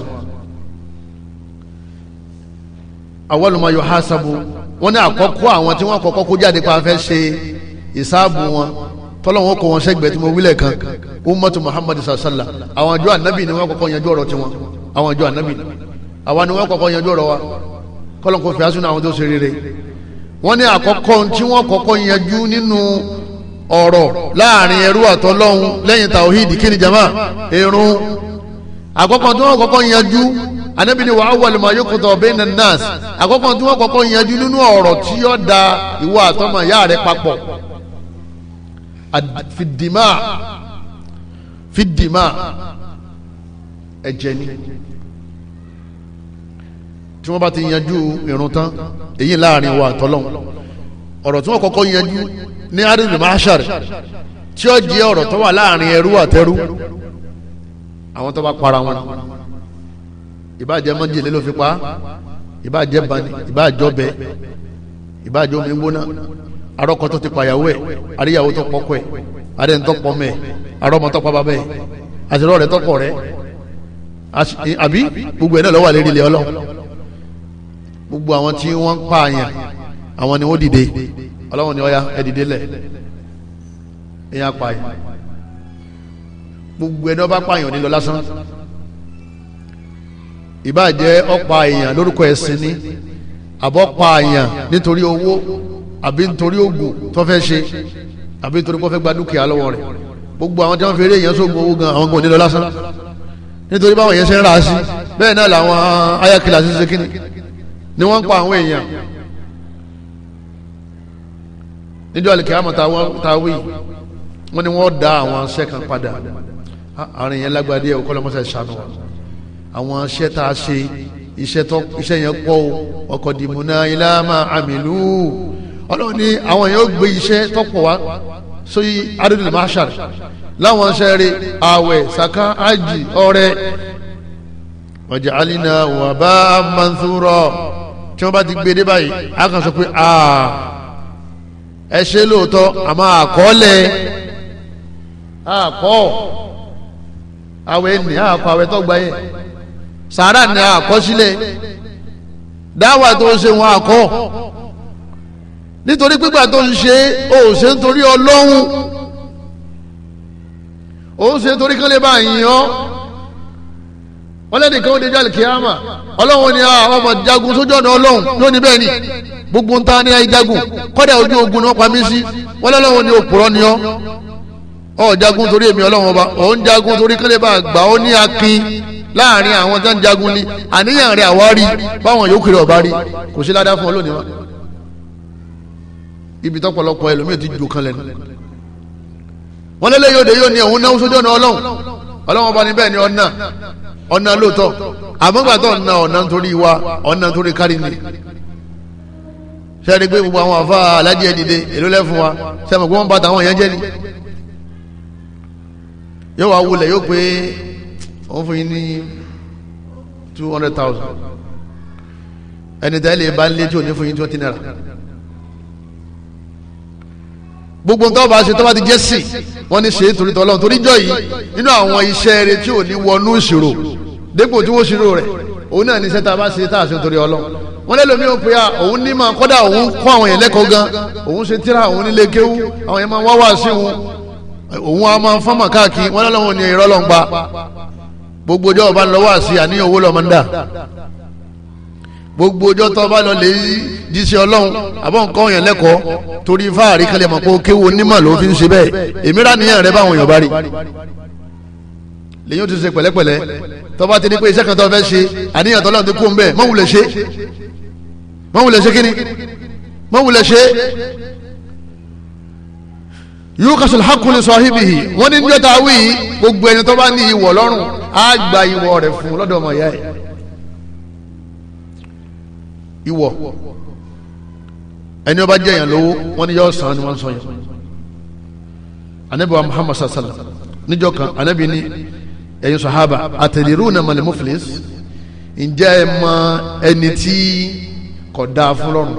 awwalu ma yuhasabu wọ́n ní àkọ́kọ́ àwọn tí wọ́n kọ́kọ́ kó jáde pa fẹ́ ṣe ìsáàbù wọn tọ́lọ́wọ́n kọ́ wọn sẹ́gbẹ̀ẹ́ tí mo wílẹ̀ kan ummatu muhammadu sallallahu àwọn àjọ ànábì ni wọ́n kọ́kọ́ yanjú ọ̀rọ̀ tiwọn àwọn àjọ ànábì ni wọ́n àwa ni wọ́n kọ́kọ́ yanjú ọ̀rọ̀ wa kọ́lọ́n kò fi asúnà àwọn tó ṣe rere wọ́n ní àkọ́kọ́ tí wọ́n kọ́kọ́ yanjú nínú ọ̀rọ̀ láàrin ẹrú àtọlọ́hun lẹ́yìn tàwíìdì kí ni jama irun àkọ́kọ́ tí wọ́n kọ́kọ́ yanjú anabi ni wàá wàlùmọ̀ ayókòtò bayna nas àkọ́kọ́ tí wọ́n kọ́kọ́ yanjú nínú ọ̀rọ̀ tí yọ da ìwọ àtọ́mọ̀ ìyá rẹ papọ̀ fìdìmá fìdìmá ẹ̀jẹ̀ ni tí wọ́n bá ti yanjú irun tán èyí láàrin wa àtọ́lọ́hún ọ̀rọ̀ tí wọ́n kọ́kọ́ yanjú ní arìnrìn mahashar tí ó jẹ́ ọ̀rọ̀ tó wà láàrin ẹrú àtẹrú àwọn tó bá para wọn ìbáàjẹ́ mọ́jèlé ló fi pa ìbáàjẹ́ bani ìbáàjọ́ bẹ ìbáàjọ́ omi gbóná arọ́kọ tó ti pàyàwó ẹ̀ àríyàwó tó pọ́kọ ẹ̀ àdéhùn tó pọ́ mẹ́ àrọ́mọ tó pa bàbá ẹ̀ àtìrọ́ rẹ̀ tó pọ̀ rẹ̀ àbí gbogbo ẹ̀ náà ló wà lérí ọlọ́run gbogbo àwọn tí wọ́n ń pààyàn àwọn ni wọ́n dìde ọlọ́run ni ọya ẹ dìde lẹ̀ ẹ̀yìn apààyàn gbogbo ẹni ọba pààyàn nílọ lásán ìbàjẹ́ ọ̀pá èèyàn lórúkọ ẹ̀sìn ni àbọ̀ pààyàn nítorí owó àbí nítorí ògùn tó fẹ́ ṣe àbí nítorí kó fẹ́ gba dúkìá lọ́wọ́ rẹ̀ gbogbo àwọn tí wọ́n fi eré èèyàn sóògùn owó gan àwọn gan nílọ lásán nítorí báwọn yẹn ṣe ń ra sí bẹ́ẹ̀ náà làwọn ayakilasi ṣe kíni ni wọ́n ń pa àwọn èèyàn níjọ́ àlèkè àmọ́ táwí wọ́n ni wọ́n dá àwọn aṣẹ́ kan padà ah, àárín yẹn lágbàdí ẹ̀ kọ́lọ́mọṣẹ́ ṣàánú wa àwọn aṣẹ́ tá a ṣe iṣẹ́ tó iṣẹ́ yẹn pọ̀ o ọkọ̀ dìmúná ilá máa àmìlú ọlọ́run ní àwọn yẹn ó gbé iṣẹ́ tó pọ̀ wá sóyí adúlù máṣàrì láwọn aṣẹ́ rẹ̀ àwẹ̀ sàká àjì ọrẹ ọjà alina wàbá mansurọ tí wọ́n bá ti gbé dé báyìí a kàn sọ pé ẹ ṣe lóòótọ́ àmọ́ àkọọ́lẹ̀ àkọ́ àwẹ̀ ni àkọ́ àwẹ̀ tó gbà yẹn sàárà ni àkọsílẹ̀ dáwà tó ń ṣe wọn àkọ́ nítorí pípa tó ń ṣe ó ṣe nítorí ọlọ́run ó ṣe nítorí kán lè bá yín ọ́ wọ́n lẹ́nu kan ó dejú alikiyama ọlọ́run ni ah, àwọn ọmọ jagun sójú ọ̀nà ọlọ́run yóò bẹ́ẹ̀ ni gbogbo ń ta ni ayé jagun kọ́dà ojú ogun náà pamí sí wọ́n ni òpùrọ́ ni ọ́ ọ̀ jagun torí èmi ọlọ́run ọba ọ̀ ń jagun torí kílẹ̀ bá gbà ó ní akin láàrin àwọn tó ń jagun ni àníyàn rẹ̀ àwa rí báwọn yòókù rẹ̀ ọba rí kò sí ládàá fún ọ lónìí wa ibi tọpọlọpọ ẹlòmíì ti ju kan lẹ́nu wọn lélẹ yóò dé yóò ọ̀nà lóòótọ́ àmọ́gbàtọ́ ọ̀nà ọ̀nà nítorí wa ọ̀nà nítorí kárí ni sẹ́ni pé gbogbo àwọn àfa alájí ẹ̀ dìde èló lẹ́fún wa sẹ́mi pé wọ́n bá tàwọn èèyàn jẹ́ ni yóò wá wulẹ̀ yóò pé wọ́n fún yín ní two hundred thousand ẹni tẹ́lẹ̀ bá ń lé tí ò fún yín twenty naira gbogbo ń tọ́ba ṣe tọ́ba ti jẹ́ sí wọ́n ní ṣe é torí tọ́lọ́run torí jọ yìí nínú àwọn iṣẹ́ rẹ tí ò ní wọnú ìṣirò dépò tí wọ́n ṣirò rẹ̀ òun náà ní iṣẹ́ tá a bá ṣe tá a ṣe torí ọlọ́run wọ́n lé lómi òpè à òun ní máa kọ́dà òun kọ́ àwọn yẹn lẹ́kọ̀ọ́ gan òun ṣe tíra òun nílé kéwú àwọn yẹn máa wá wá sí òun òun á máa fọ́nmà káàkiri wọ́n lọ́wọ́ ní gbogbo ọjọ́ tó bá lọ lè jíṣẹ́ ọlọ́run àbọ̀ nǹkan ọ̀yàn lẹ́kọ̀ọ́ torí fáàrí kalẹ̀ mọ̀ pé kéwu onímọ̀ ló fi ń ṣe bẹ́ẹ̀ èmi rà níyàn rẹ báwọn èèyàn bá rí lèyìn ó ti ṣe pẹ̀lẹ́pẹ̀lẹ́ tó bá ti ní pé iṣẹ́ kan tó fẹ́ ṣe àníyàn tó lọ́run ti kú ń bẹ̀ mọ́wulẹ̀ ṣe mọ́wulẹ̀ ṣe kíni mọ́wulẹ̀ ṣe yóò kà sọ̀rọ̀ hakùn ní wọ́n ní níjọ́ta wí gbogbo ẹni tó bá ní ìwọ̀ lọ́rùn á gba ìwọ̀ rẹ̀ fún lọ́dọ̀ ọmọ ìyá ẹ̀ ìwọ ẹni ọba jẹ yàn lówó wọn ni yóò san ni wọn sọ yẹn anabi wa sallam níjọ́ kan anabi ni ẹ̀yin sahaba àtẹlẹrú na malimuflis muflis ǹjẹ́ ẹ mọ ẹni tí kò dáa fún lọ́rùn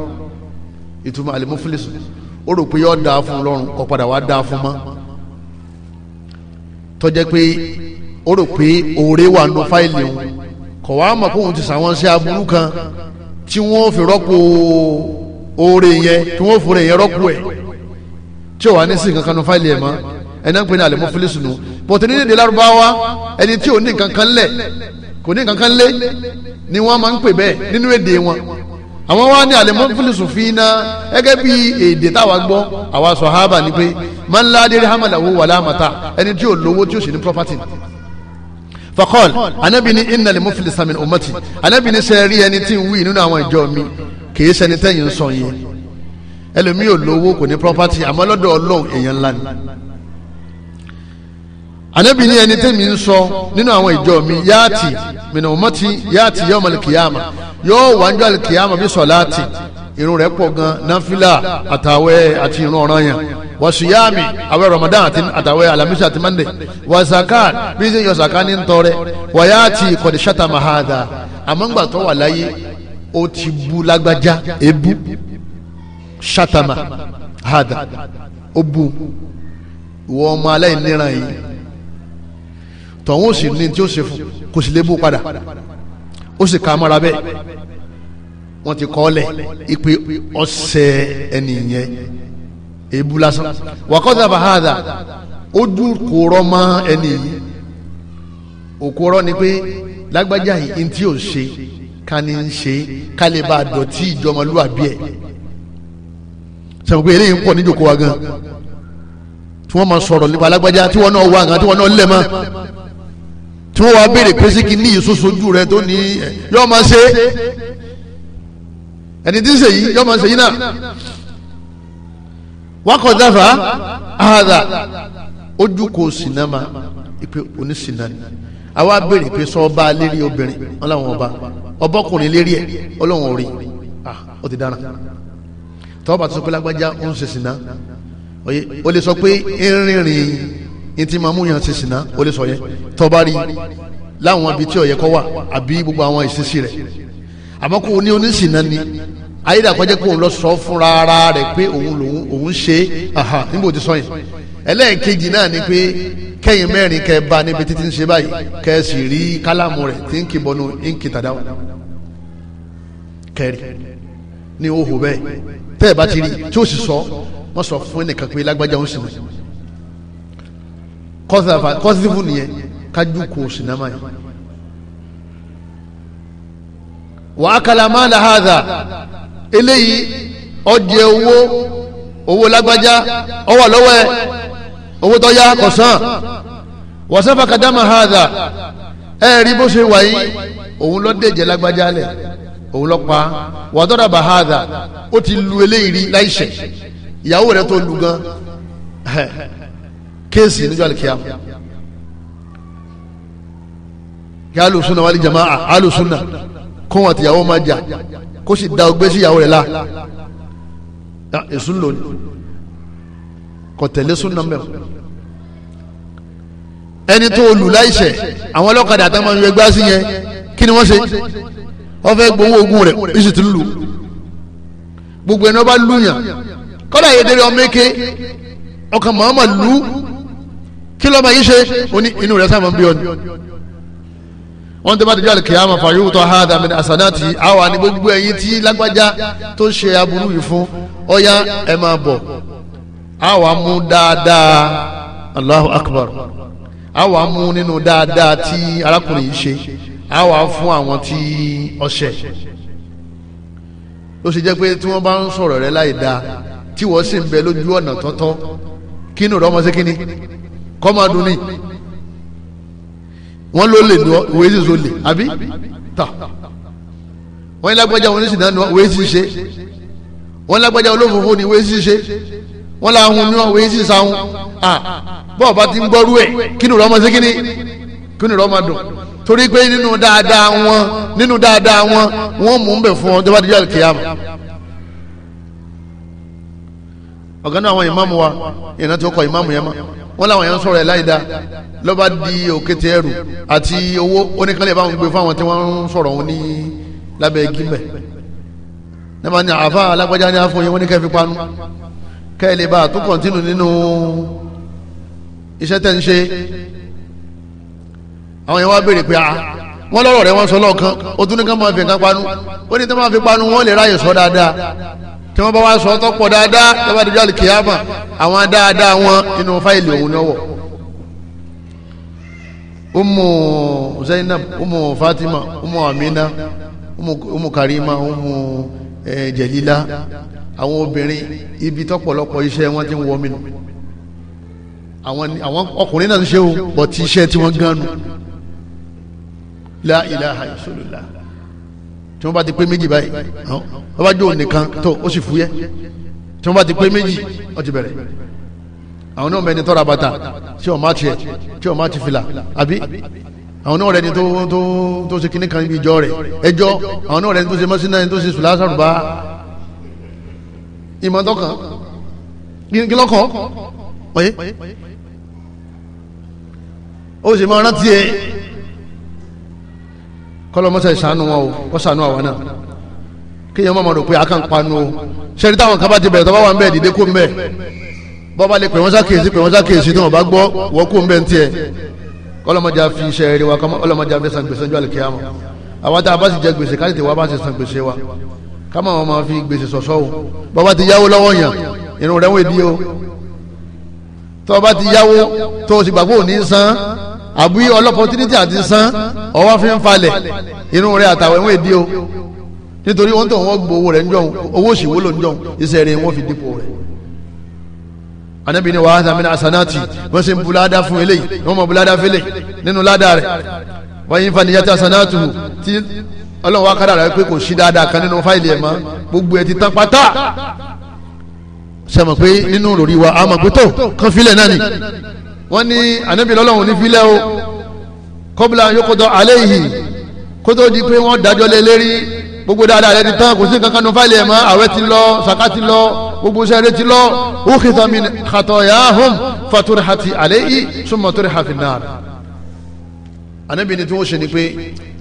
ìtumọ̀ alẹ muflis ó rò pé yóò dáa fún lọ́rùn kò padà wá dáa fún mọ́ tọ́jẹ́ pé ó rò pé òòrè wà nù fáìlì òun kò wá mọ̀ kóun ti sàwọn sí aburú kan tí wọ́n fi rọ́pò oore yẹn tí wọ́n fòrè yẹn rọ́pò ẹ̀ tí ò wá ní sí nǹkan kan nu fáìlì ẹ̀ mọ́ ẹni náà ń pè ní àlẹ́mọ́ fílísùnù bọ̀tẹ́ ní èdè lárúbáwá ẹni tí ò ní nǹkan kan lẹ̀ kò ní nǹkan kan lé ni wọ́n máa ń pè bẹ́ẹ̀ nínú èdè wọn àwọn wa ní àlẹ́mọ́ fílísùn fi iná gẹ́gẹ́ bí èdè táwa gbọ́ àwa sàhábà ní pé man la dirhama lahu wala mata ẹni tí ò lówó tí ò sì ní property fakọ́l anabi ni inna lè mufili sami umati anabi ni sẹ́ẹ̀rí ẹni tí ń wí nínú àwọn ìjọ mi kìí ṣẹni tẹ́yìn ń sọ yẹn ẹlòmíì ò lówó kò ní property àmọ́ lọ́dọ̀ ọlọ́run èèyàn ńlá ni anabi ni ẹni tẹ́mi ń sọ nínú àwọn ìjọ mi yaati minna umati yaati yawmal kiyama yóò wájú alikiyama bí sọ̀láàtì irun rẹ̀ pọ̀ gan náfìlà àtàwẹ̀ àti irun ọ̀ràn yẹn wàṣíyàmì àwẹ̀ Ramadan ati àtàwẹ̀ alamisa ati mande wàṣàkà bí ṣe yọ ṣàkà ní ntọrẹ wàyàtì kọ̀díṣàtà mahada àmọ́ngbà tó layi láyé ó ti bu lágbájá ebu ṣàtàmà hada ó bu ìwọ ọmọ aláìníran yìí tọ̀hún sì ní tí ó ṣe fún kò sì lè bú padà ó sì kà á mọ́ra wọ́n ti kọ́ lẹ̀ ipe ọ̀sẹ̀ ẹni yẹn èébú lásán wàkọ́tà bàhádà ojú kò rọ́ mọ́ ẹni yìí òkú rọ́ ni pé lágbájá yìí ntí ò ṣe ká ní ń ṣe ká lè bá a dọ̀tí ìjọmọlúwàbí ẹ̀ sọ̀rọ̀ pé eléyìí ń pọ̀ níjòkó wa gan tí wọ́n máa sọ̀rọ̀ nípa lágbájá tí wọ́n náà wá gan tí wọ́n náà lẹ̀ mọ́ tí wọ́n wá béèrè pé sí kí ní ìsosojú rẹ tó ní yọ́ọ́ máa ṣe é ẹni tí ń sèyí yọ máa ń sèyí náà wakọ̀ dáfà àhàdà ojú kò sinama ìpè onísìnà ni àwa béèrè pé sọ́ọ́ba lérí obìnrin ọlọ́run ọba ọbọ̀kùnrin lérí ẹ̀ ọlọ́run orí ah, ó ti dára tọ́ọ̀bà tó sọ pé lágbájá ó ń ṣe sìnà ó lè sọ pé ìrìnrìn ní ti máa mú yàn ṣe sìnà ó lè sọ yẹn tọ́ọ̀bà rí láwọn ibi tí yẹ kó wà àbí gbogbo àwọn ìṣesí rẹ̀ àmọ́ kó ní onísìnà ni ayédà kọjá pé òun lọ sọ fúnra ara rẹ̀ pé òun lòun òun ṣe níbo ti sọ yẹn ẹlẹ́ẹ̀kejì náà ni pé kẹ́yìn mẹ́rin kẹ́ bá níbi títí ń ṣe báyìí kẹ́ ẹ sì rí kálámù rẹ̀ tí ń kì bọ́nu ń kì tàdá kẹ́rì ní bẹ́ẹ̀ tẹ́ ẹ bá ti rí tí sì sọ wọ́n sọ fún ẹnìkan pé lágbájá kọ́sífù nìyẹn kájú kò sinamá yẹn wàá zà. eléyìí ọjẹ owó owó lágbájá ọwọ́ lọ́wọ́ ẹ owó tó yá kọ̀sán wàsáfà kàdámà hàdà ẹ rí bó ṣe wà yìí òun ló dẹ̀jẹ̀ lágbájá lẹ̀ òun ló pa wàdọ́rà bà hàdà ó ti lu eléyìí rí láìṣẹ̀ ìyàwó rẹ̀ tó lu gan kéèsì níjọ́ àlùkìyàmù kí alùsùnà wàlí jama'a alùsùnà kóhun àtìyàwó máa jà kó sì da ọgbẹ́ sí ìyàwó rẹ̀ la èsù ń lò ní kò tẹ̀lé súnà mẹ́fọ́ ẹni tó lù láìṣẹ̀ àwọn ọlọ́kadà àtàwọn ọmọ ẹgbẹ́ sí yẹn kí ni wọ́n ṣe wọ́n fẹ́ gbowó ogun rẹ̀ èsì ti lù gbogbo ẹni wọ́n bá lù yàn kọ́dà yìí délé ọmọ eke ọkàn màmá lù kí lọ́mọ yìí ṣe inú rẹ̀ sábà ń bí ọ ni wọ́n tẹ́ bá ti jáde kìyàmà fàyúwùtọ́ hádà mi àsànáàtì àwọn àni gbogbo ẹ̀yìn tí lágbájá tó ṣe aburú yìí fún ọ̀yá ẹ̀ máa bọ̀ àwọn amú dáadáa Allahu Akbar àwọn amú nínú dáadáa tí arákùnrin yìí ṣe àwọn afún àwọn tí ọṣẹ ló ṣe jẹ́ pé tí wọ́n bá ń sọ̀rọ̀ rẹ láì dáa tí wọ́n sì ń bẹ lójú ọ̀nà tọ́tọ́ kínú rọ́mọ sí kínní kọ́ máa dùn ní wọ́n ló lè ní òwe sì so lè àbí tà wọ́n lágbájá wọn sì náà ní òwe sì ṣe wọ́n lágbájá olófòfò ní òwe sì ṣe wọ́n láhùn ní òwe sì sáhùn à bọ́ọ̀ bá ti ń gbọ́rú ẹ̀ kí ni rọ́mọ sí kí ni kí ni rọ́mọ dùn torí pé nínú dáadáa wọn nínú dáadáa wọn wọ́n mú un bẹ̀ fún ọ tó bá dijọ́ àlùkìyàmù ọ̀gá náà àwọn ìmáàmù wa ìrántí ọkọ̀ ìmáàmù yẹn máa wọ́n làwọn yẹn ń sọ̀rọ̀ ẹ̀ láìda lọ́ba di òkété ẹrù àti owó oníkanlẹ̀ báwọn gbé fáwọn tí wọ́n ń sọ̀rọ̀ wọn ní lábẹ́ gímbẹ̀ nígbà ní àfa alágbájá ní afọ yẹn wọ́n ní kẹ́ fi panu kẹ́ ẹ lè bá a tún kọ̀ntínù nínú iṣẹ́ tẹ̀ ń ṣe àwọn yẹn wá béèrè pé a wọ́n lọ́rọ̀ rẹ̀ wọ́n sọ lọ́ọ̀kan ó tún ní ká máa fi nǹkan panu ó ní tí máa fi panu wọ́n lè ráyè sọ dáadáa tí wọ́n bá wá sọ tọ́pọ̀ dáadáa tó bá dijọ́ àwọn dáadáa wọn inú fáìlì òun ni ó zainab umu fatima umu amina umu, umu karima umu eh, jalila àwọn obìnrin ibi tọ́pọ̀lọpọ̀ iṣẹ́ wọn ti ń wọ mí nù àwọn ọkùnrin náà ń ṣe o bọ̀ tí iṣẹ́ tí wọ́n gan la ilaha illallah tí wọ́n bá ti pé méjì báyìí wọ́n bá jó nìkan tó ó sì fúyẹ́ tí wọ́n bá ti pé méjì ó ti bẹ̀rẹ̀ àwọn náà mẹni tọ́ra bàtà tí wọ́n máa tiẹ̀ tí wọ́n máa ti fìlà àbí àwọn náà rẹni tó tó tó ṣe kíní kan ibi ìjọ rẹ̀ ẹjọ́ àwọn náà rẹni tó ṣe mọ́sínà ẹni tó ṣe sùlá sàrùbá ìmọ̀tọ́kàn kílọ́kọ̀ ọ̀yẹ́ ó sì máa rántí ẹ̀ kọlọmọsẹ ìsànù wọn o kọ sànù àwọn náà kéèyàn má ma pé a kàn panu o sẹ́ni táwọn kaba ti bẹ̀rẹ̀ tọ́ba wà ń bẹ̀ dìde kó ń bẹ̀ bọ́ba lè pè wọ́n sákèsí pè wọ́n sákèsí tí wọ́n bá gbọ́ wọ́n kó ń bẹ̀ ń tiẹ̀ kọlọmọdé àfi iṣẹ́ rẹ wa kọlọmọdé àfi san gbèsè ọjọ́ àlùkìyàmọ àwọn tá a bá sì jẹ gbèsè káyọ̀tẹ̀ wa bá sì san gbèsè wa káma wọn máa fi gbèsè sọ̀sọ́ o bọ́ba ti yáwó lọ́wọ́ yàn irun rẹ̀ wọ́n èdè o tọ́ba ti yáwó tó o sì àbí ọlọ́pọ̀tínítì àti san ọwọ́ fi ń falẹ̀ irun rẹ̀ àtàwọn ẹ̀wọ̀n èdè o nítorí wọ́n tó wọ́n gbọ́ owó rẹ̀ ńjọ́ owó òṣìwò ló ńjọ́ iṣẹ́ rẹ̀ wọ́n fi dípò rẹ̀ anabi ni wàhálà mi ni asanati wọ́n sì ń bu ládàá fún eléyìí wọ́n mọ̀ bu ládàá fún eléyìí nínú ládàá rẹ̀ wọ́n yín fa niyata asanatu ti ọlọ́run wa kára rẹ̀ pé kò sí dáadáa kan nínú fáìlì ẹ̀ mọ́ gbogbo ẹ̀ ti tán pátá sẹ́mi pé nínú lórí wa àmọ̀ pé tó kan fílẹ̀ náà ni wọ́n ní ànábì lọ́lọ́run ní filẹ̀ o kọ́bùlà yókòtò alẹ́ yìí kótó di pé wọ́n dájọ́ lé lérí gbogbo dáadáa rẹ ti tán kò sí kankan nu fáìlì ẹ̀ mọ́ àwẹ̀ ti lọ sàká ti lọ gbogbo sẹ́rẹ́ ti lọ ó kìtọ́ mi kàtọ́ yà hùm fatori hati alẹ́ yìí súnmọ́ torí hafi náà ànábì ni tí wọ́n ṣe ni pé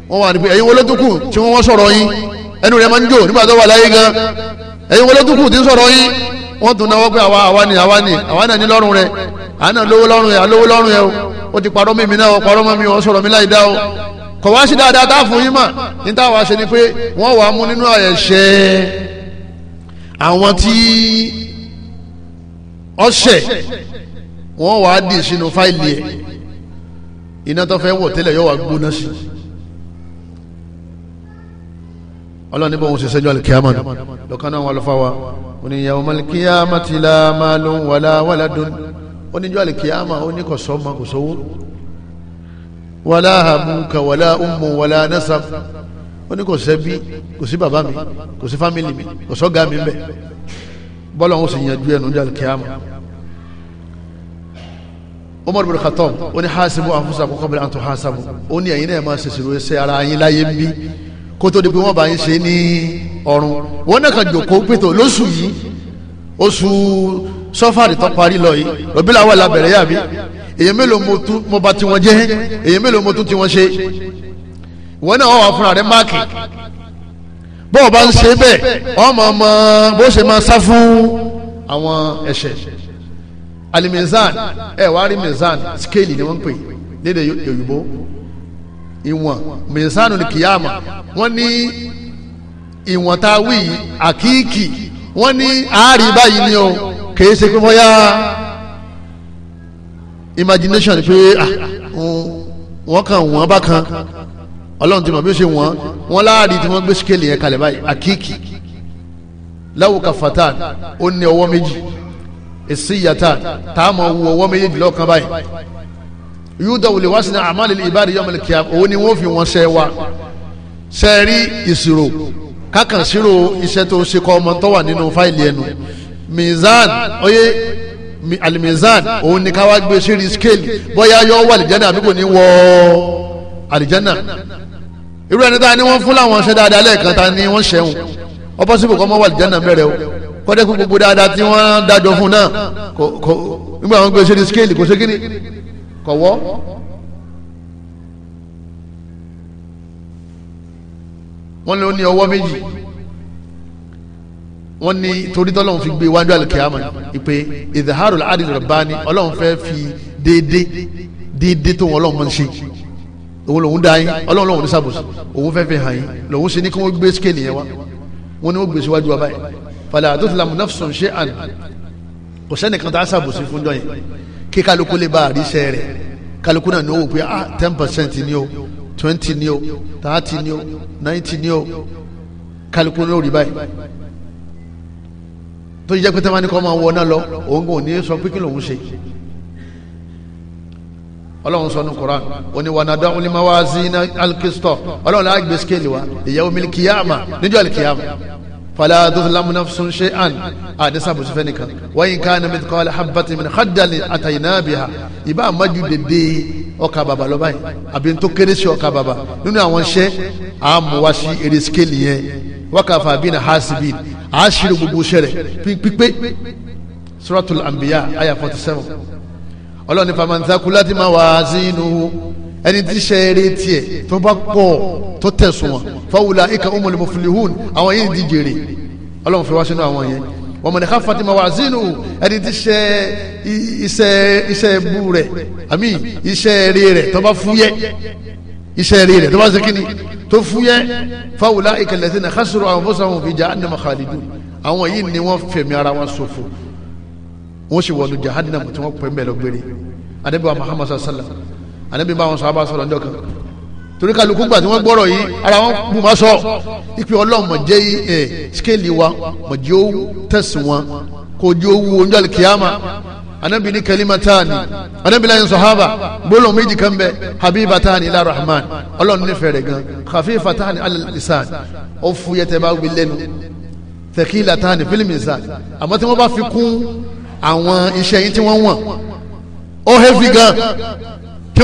wọ́n wà ní pé ẹ̀yin wọlé tí wọ́n sọ̀rọ̀ yín ẹnu rẹ̀ máa ń jò nígbà tó wà láyé gan ẹ̀yin wọlé tí ń sọ̀rọ̀ yín wọ́n tún náwó pé àwa àwa ni àwa ni àwa náà ní lọ́rùn rẹ̀ àwa náà lówó lọ́rùn rẹ̀ àlówó lọ́rùn rẹ̀ o ó ti parọ́ mímí náà ó parọ́ mọ́ mi ó sọ̀rọ̀ mi láì dá o kọ̀ wá sí dáadáa tá a fún yín mà ní táwa ṣe ni pé wọ́n wàá mú nínú ẹ̀ṣẹ̀ àwọn tí ọ̀ṣẹ̀ wọ́n wàá dì sínú fáìlì ẹ̀ iná tó fẹ́ wọ̀ tẹ́lẹ̀ yóò wá gbóná sí i ọlọ́ni bọ́ wọn ṣe sẹ́jọ́ alìkíyàmọ́ lọ́kàn náà wọn lọ́fà wa oni yawmal qiyamati la malun wala waladun oníjọ́ alikiyama oníkọ̀sọ́ ma kò sówó wala abuka wala ummu wala nasab oníkọ̀sẹ́ bí kò sí bàbá mi kò sí fámìlì mi kò sọ́gá mi bẹ́ẹ̀ bọ́lá wọn sì yanjú ẹnu e níjọ́ alikiyama Umar bin Khattab oní hasibu anfusakum qabla an tuhasabu oní ẹ̀yin náà máa ṣèṣirò ẹsẹ̀ ara yín láyé bí kó tó di pé wọ́n bá ń ṣe ní ọ̀run wọ́n náà kàn jòkó pétò lóṣù yìí oṣù sọ́fàrì tó parí lọ yìí rọ̀bílà wà lábẹ̀rẹ̀ yàbí èyí mélòó mo bá tiwọn jẹ́ èyí mélòó mo tún tiwọn ṣe wọ́n náà wà fúnra rẹ̀ máàkì bọ́ọ̀ bá ń ṣe bẹ́ẹ̀ ọmọ ọmọ bó ṣe máa sá fún àwọn ẹ̀ṣẹ̀ alimizan ẹ̀ wá rí mizan scale ni wọ́n ń pè lédè Yorùbá ìwọ̀n mẹsánù ni kìyàmà wọ́n ní ìwọ̀n tá a wí àkíkì wọ́n ní àárí báyìí ni o kìí ṣe pé bóyá imagination pé wọ́n kàn wọ́n bá kan ọlọ́run ti mọ̀ bí ó ṣe wọ́n wọ́n láàrí tí wọ́n gbé scale yẹn kalẹ̀ báyìí àkíkì láwùká fatan ó ní ọwọ́ méjì èsì yàtà tá ọwọ́ méjì lọ́ọ̀kan báyìí yúdọ̀ wòlé wá sí ní àmàlè ìbáàdì yọmọ lè kíá òun ni wọ́n fi wọn ṣẹ́ wa ṣe rí ìṣirò kákan ṣírò iṣẹ́ tó ṣe kọ́ ọmọ tó wà nínú fáìlì ẹnu mizan oyè alimizan òun ni káwá gbé ṣírí scale bóyá yọ wọ àlìjánà àbí kò ní wọ àlìjánà irú ẹni tá a ní fún làwọn ṣẹ́ dáadáa lẹ́ẹ̀kan tá a ní wọ́n ṣẹ́hùn ọpọ́sibò kọ́ wà àlìjánà bẹ̀rẹ̀ o kọ́dẹ́kù gbogbo dáadáa tí wọ́n dájọ́ fún náà kò kò nígbà wọn gbé ṣírí scale kò ṣe kíni kọ̀wọ́ wọ́n ní ó ní ọwọ́ méjì wọ́n ní torí tọ́lọ́hún fi gbé iwájú àlùkìyàmà ìpè ìdàhàrò àdìrò rabbani ọlọ́hún fẹ́ fi déédé déédé tó wọn ọlọ́hún máa ń ṣe òun lòun dá yín ọlọ́hún lòun ní sàbòsí òun fẹ́ fi hàn yín lòun ṣe ní kí wọ́n gbé skéèlì yẹn wá wọ́n ní wọ́n gbé síwájú wa báyìí fala àdótìlámù náfsùn ṣe àn kò sẹ́nìkan tá a sàbòsí fún jọ yẹn kí kálukú lè bá àríṣẹ́ rẹ̀ kálukú náà ní owó pé ah ten percent ni o twenty ni o thirty ni o ninety ni o kálukú ní òrì báyìí tó yẹ pé tẹ́wọ́n ní kọ́ máa wọ náà lọ òun kò ní sọ pé kí lòun ṣe ọlọ́run sọ ní koran oníwànàdá onímọ̀wá zina alkistọ ọlọ́run láàgbé skéèlì wa ìyàwó mílíkìyàmà níjọ́ àlìkìyàmà fala tuzlamu nafsun shay'an àdísà bùsùn fẹ́ nìkan wáyé ká ní mithqala habbati min khaddali àtàyìnà bìhà ìbá àmájú dédé ọkà bàbà lọ́ba yìí àbí tó kéré sí ọkà bàbà nínú àwọn iṣẹ́ àmúwá sí eré skéèlì yẹn wákàfà bíi na hasibin àṣírí gbogbo iṣẹ́ rẹ̀ pípé suratul anbiya aya forty seven ọlọ́run ní famansakulati mawazinuhu ẹni tí ṣe eré tiẹ̀ tó bá pọ̀ tó tẹ̀sùn wọn fáwùlà ìka umul muflihun àwọn yìí di jèrè ọlọ́run fi wá sínú àwọn yẹn wọ́n mọ̀ ní káfàtì mawazinu ẹni tí ṣe iṣẹ́ iṣẹ́ ebú rẹ̀ àmì iṣẹ́ eré rẹ̀ tó bá fúyẹ́ iṣẹ́ eré rẹ̀ tó bá ṣe kíni tó fúyẹ́ fáwùlà ìka lẹ́sìn khasiru anfusahum fi jahannama khalidun àwọn yìí ni wọ́n fẹ̀mí ara wọn ṣòfò wọ́n sì wọ̀lú jahannama tí wọ́n pẹ́ mẹ́lọ́gbẹ́rẹ́ adébíwá muhammadu sallallahu alayhi wa sallam ànábì bá wọn sọ abá sọ̀rọ̀ ńjọ́ kan torí kálukú gbà tí wọ́n gbọ́rọ̀ yìí ara wọn bù má sọ ipe ọlọ́mọ jẹ́ ẹ̀ skéèlì wa mọ̀jẹ́ ó tẹ̀sí wọn kò jẹ́ owó oúnjẹ kìáma ànábì ní kalimatani ànábì láyé sọ̀hábà gbólóhùn méjì kan bẹ habibatani ilá rahman ọlọ́run nífẹ̀ẹ́ rẹ̀ gan khafifatani alal lisan ó fúyẹ́ tẹ́ bá wí lẹ́nu tẹ̀kílatani fil mizan àmọ́ tí wọ́n bá fi kún àwọn iṣẹ́ yìí tí wọ́n wọ̀n ó hẹ́fì gan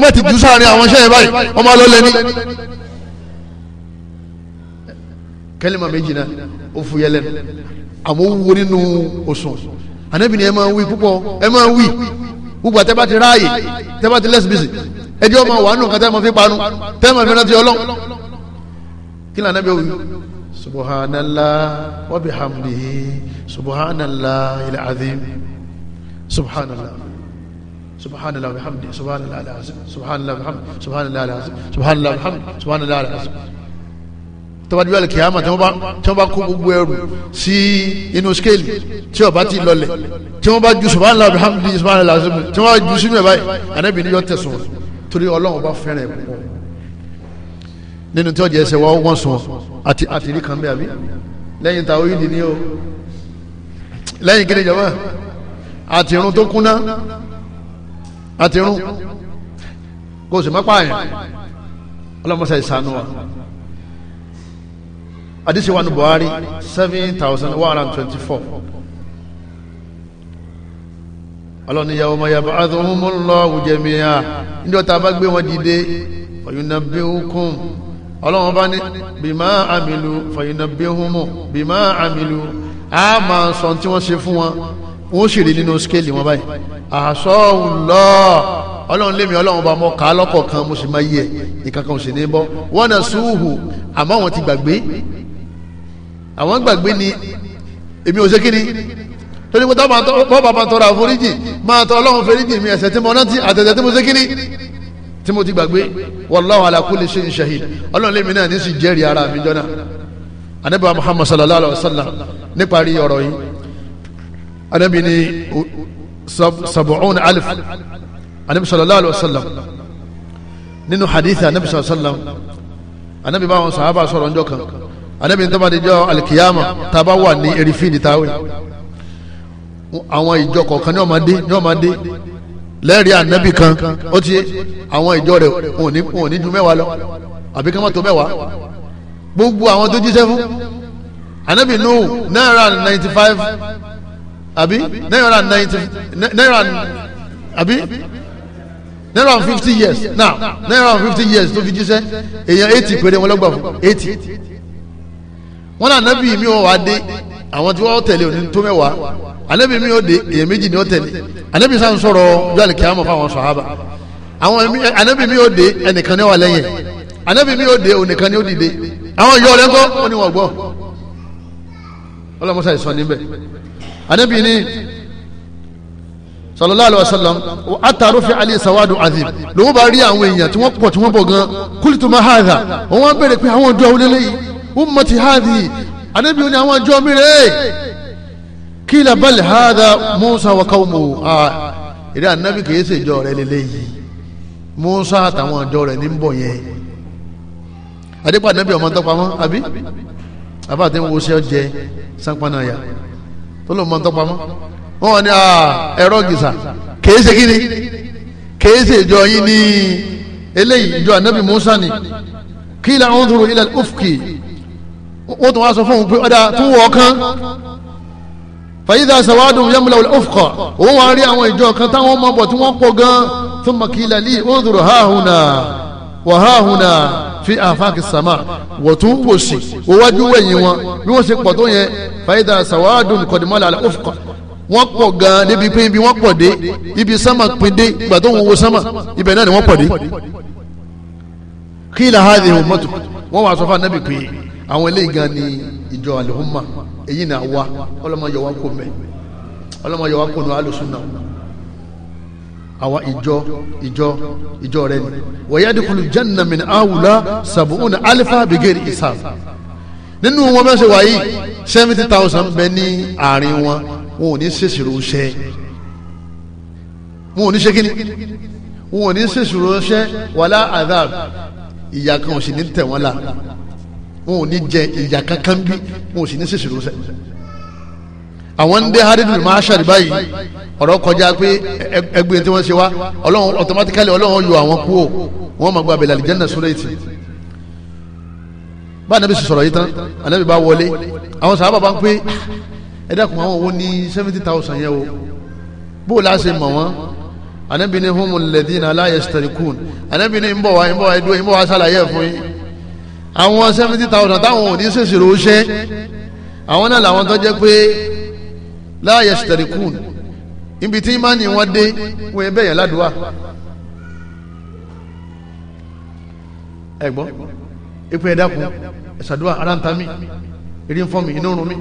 tí ti jù sáàrin àwọn iṣẹ́ yẹn báyìí ọmọ ọlọ́lẹ̀ ní. kẹ́lẹ́mà méjì náà ó fu yẹlẹ́ nù àmọ́ ó wo nínú òsùn ànábì ni ẹ máa ń wí púpọ̀ ẹ máa ń wí gbogbo àtẹ́ ti ráàyè tẹ́ ti lẹ́sibísì ẹjọ́ ọmọ wàánu kan tẹ́ máa fi panu tẹ́ fi rántí ọlọ́run kí ni ànábì wí subhanallah wa bihamdihi subhanallah ilẹ̀ azim subhanallah. سبحان الله وبحمده سبحان الله العظيم سبحان الله وبحمده سبحان الله العظيم سبحان الله وبحمده سبحان الله العظيم tọ́wájú àlè kìámà tí wọ́n bá kó gbogbo ẹrù sí inú skéèlì tí ọba ti lọlẹ̀ tí wọ́n bá ju subahana allah alhamdulilayi subahana allah azim tí wọ́n bá ju sínú ẹ̀ báyìí anabi ni yọ tẹ̀sán torí ọlọ́run bá fẹ́ràn ẹ̀ púpọ̀ nínú tí ọjà ẹsẹ̀ wa wọ́n sùn àti àtìrí kan bẹ́ẹ̀ àbí lẹ́yìn tàwọn yìí nìyí o lẹ́yìn kí ni jọba tó kúnná àti irun kò sì má pààyàn ọlọ́mọṣẹ́ ìsànú wa àdìsí wa ní Buhari seven thousand one hundred and twenty-four ọlọ́ni yàwó ma yàbá adùnmọ́lọ́wù jẹ̀míyà níjọ́ tá a bá gbé wọn dìde fọyúnàbíhùkùn ọlọ́wọ́n bá ní bímá àmìlú fọyúnàbíhùmù bímá àmìlú a máa sọ tí wọ́n ṣe fún wọn wọ́n sì rí nínú scale wọn báyìí àṣọ́ọ̀lọ́ ọlọ́run lémi ọlọ́run bá mọ ká lọ́kọ̀ọ̀kan mo sì máa yẹ ìkankan sì ní bọ́ wọ́n náà sùúhù àmọ́ àwọn ti gbàgbé àwọn gbàgbé ni èmi ò ṣe kí ni torí pé tọ́ bàbá tọrọ àforíjì máa tọ ọlọ́run foríjì mi ẹ̀ṣẹ̀ tí mo rántí àtẹ̀tẹ̀ tí mo ṣe kí ni tí mo ti gbàgbé wallahu ala kulli shay'in shahid ọlọ́run lémi náà ní sì jẹ́rìí ara mi jọ́nà anábàá Muhammad sallallahu alayhi wa sallam níparí ọ̀rọ̀ yìí anabi ni sabuun alif anabi sallallahu alayhi wa sallam nínú hadithi anabi sallallahu alayhi wa sallam anabi báwọn sàhábà sọ̀rọ̀ njọ́ kan anabi ní tọ́ba díjọ́ alikiyama taba wà ní erifin ní tawé àwọn ìjọ kọ̀ọ̀kan ní ọmọdé ní ọmọdé lẹ́rìí anabi kan ó ti àwọn ìjọ rẹ̀ wọn ò ní ju mẹ́wàá lọ àbí kí wọ́n tó mẹ́wàá gbogbo àwọn tó jíṣẹ́ fún anabi nù náírà ninety five. Abi, náírà ninety náírà àbí náírà fifty years now náírà fifty years tó fi jíṣẹ́ èèyàn eighty péré wọn lọ́gbà fún eighty wọn náà nábì mi ò wá dé àwọn tí wọn tẹ̀lé òní tó mẹ́wàá ànábì mi ò dé èèyàn méjì ni ó tẹ̀lé ànábì sáà ń sọ̀rọ̀ jọ́lì kíámọ̀ fáwọn sàhábà àwọn ànábì mi ò dé ẹnìkan ní wà lẹ́yìn ànábì mi ò dé ònìkan ní ó dìde àwọn ìyá ọ̀rẹ́ ńkọ́ ó ní wọ́n gbọ́ ọlọ́mọṣà ìsọ̀ níbẹ̀ anabi ni sallallahu alayhi wa sallam ataro fi ali sawadu azim lòun bá rí àwọn èèyàn tí wọ́n pọ̀ tí wọ́n bọ̀ gan kulitu ma hadha wọ́n wá bẹ̀rẹ̀ pé àwọn ọjọ́ wọlé lẹ́yìn ummati hadhi anabi ni àwọn ọjọ́ mi rẹ̀ kila bal hadha musa wa qawmu ìrẹ́ anabi kìí ṣe ìjọ rẹ̀ lélẹ́yìn musa àtàwọn ọjọ́ rẹ̀ ní bọ̀ yẹn adépa anabi ọmọ tọpamọ́ àbí àbá àti ń wo sanpanaya tó ló mọ ntọ́pamọ́ wọ́n wọ́n ní ah, ẹ̀rọ gìsà kèé ṣe kíni kèé ṣe ìjọ yín ní eléyìí ìjọ anabi musa ni kí la ń dúró ilẹ̀ ufki wọ́n tún wá sọ fún un pé ọ̀dà tún wọ̀ kán fàyídà sàwádùn yamula ufqa òun wà rí àwọn ìjọ kan táwọn ọmọ bọ̀ tí wọ́n pọ̀ gan-an thumma ń dúró háhùnà wà háhùnà fi àfáàkì sàmà wọ̀tún wòsì wọ́wájú wẹ̀yìn wọn bí wọ́n ṣe pọ̀ tó yẹn fàyídà sàwádùn kọ̀dìmọ́lá àlẹ́ òfìkọ̀ wọ́n pọ̀ gan-an débi pé ibi wọ́n pọ̀ dé ibi sánmà pin dé ìgbà tó ń wo sánmà ibẹ̀ náà ni wọ́n pọ̀ dé kí ilà hàdì ìhùn mọ́tò wọ́n wà sọ gan ni ìjọ àlùhùnmá èyí ni àwa ọlọ́mọ yọ wá kó mẹ́ ọlọ́mọ yọ wá nu alùsùn náà àwọn ìjọ ìjọ ìjọ rẹ ni wọ́yẹ́dìkulù janna min awula sabuun alifa bigeri isaf nínú wọn bẹ́ẹ̀ ṣe wáyé seventy thousand bẹ ní àárín wọn wọn ò ní ṣèṣirò ṣẹ́ wọn ò ní ṣe kíni wọn ò ní ṣèṣirò ṣẹ́ wàlá azab ìyà kan ò sì ní tẹ̀ wọ́n la wọn ò ní jẹ ìyà kankan bí wọn ò sì ní ṣèṣirò ṣẹ́ àwọn ń dé haridul mahashar báyìí ọ̀rọ̀ kọjá pé ẹgbẹ́ tí wọ́n ṣe wá ọlọ́run automatically ọlọ́run yọ àwọn kú o wọ́n máa gba abẹ́lẹ̀ àlìjẹ́nà sórí ètì bá anabi sọ̀rọ̀ yìí tán anabi bá wọlé àwọn sábà bá ń pé ah, ẹ àwọn owó ní seventy thousand yẹn o bó o láṣẹ mọ̀ wọ́n anabi ni humu ladina la yastarikun anabi ni nbọ wa nbọ wa edu nbọ wa ṣàlàyé fún yín àwọn seventy thousand táwọn ò ní ṣèṣirò ṣe àwọn náà làwọn tó jẹ́ pé la yashtarikun ibi tí ìmánì wọn dé wọn ẹ bẹ̀yẹ̀ ládùúgbà ẹ̀gbọ́n ipò ẹ̀dá kun ẹ̀sàdúrà ara ń ta mí eré ń fọ́ mi inú rún mi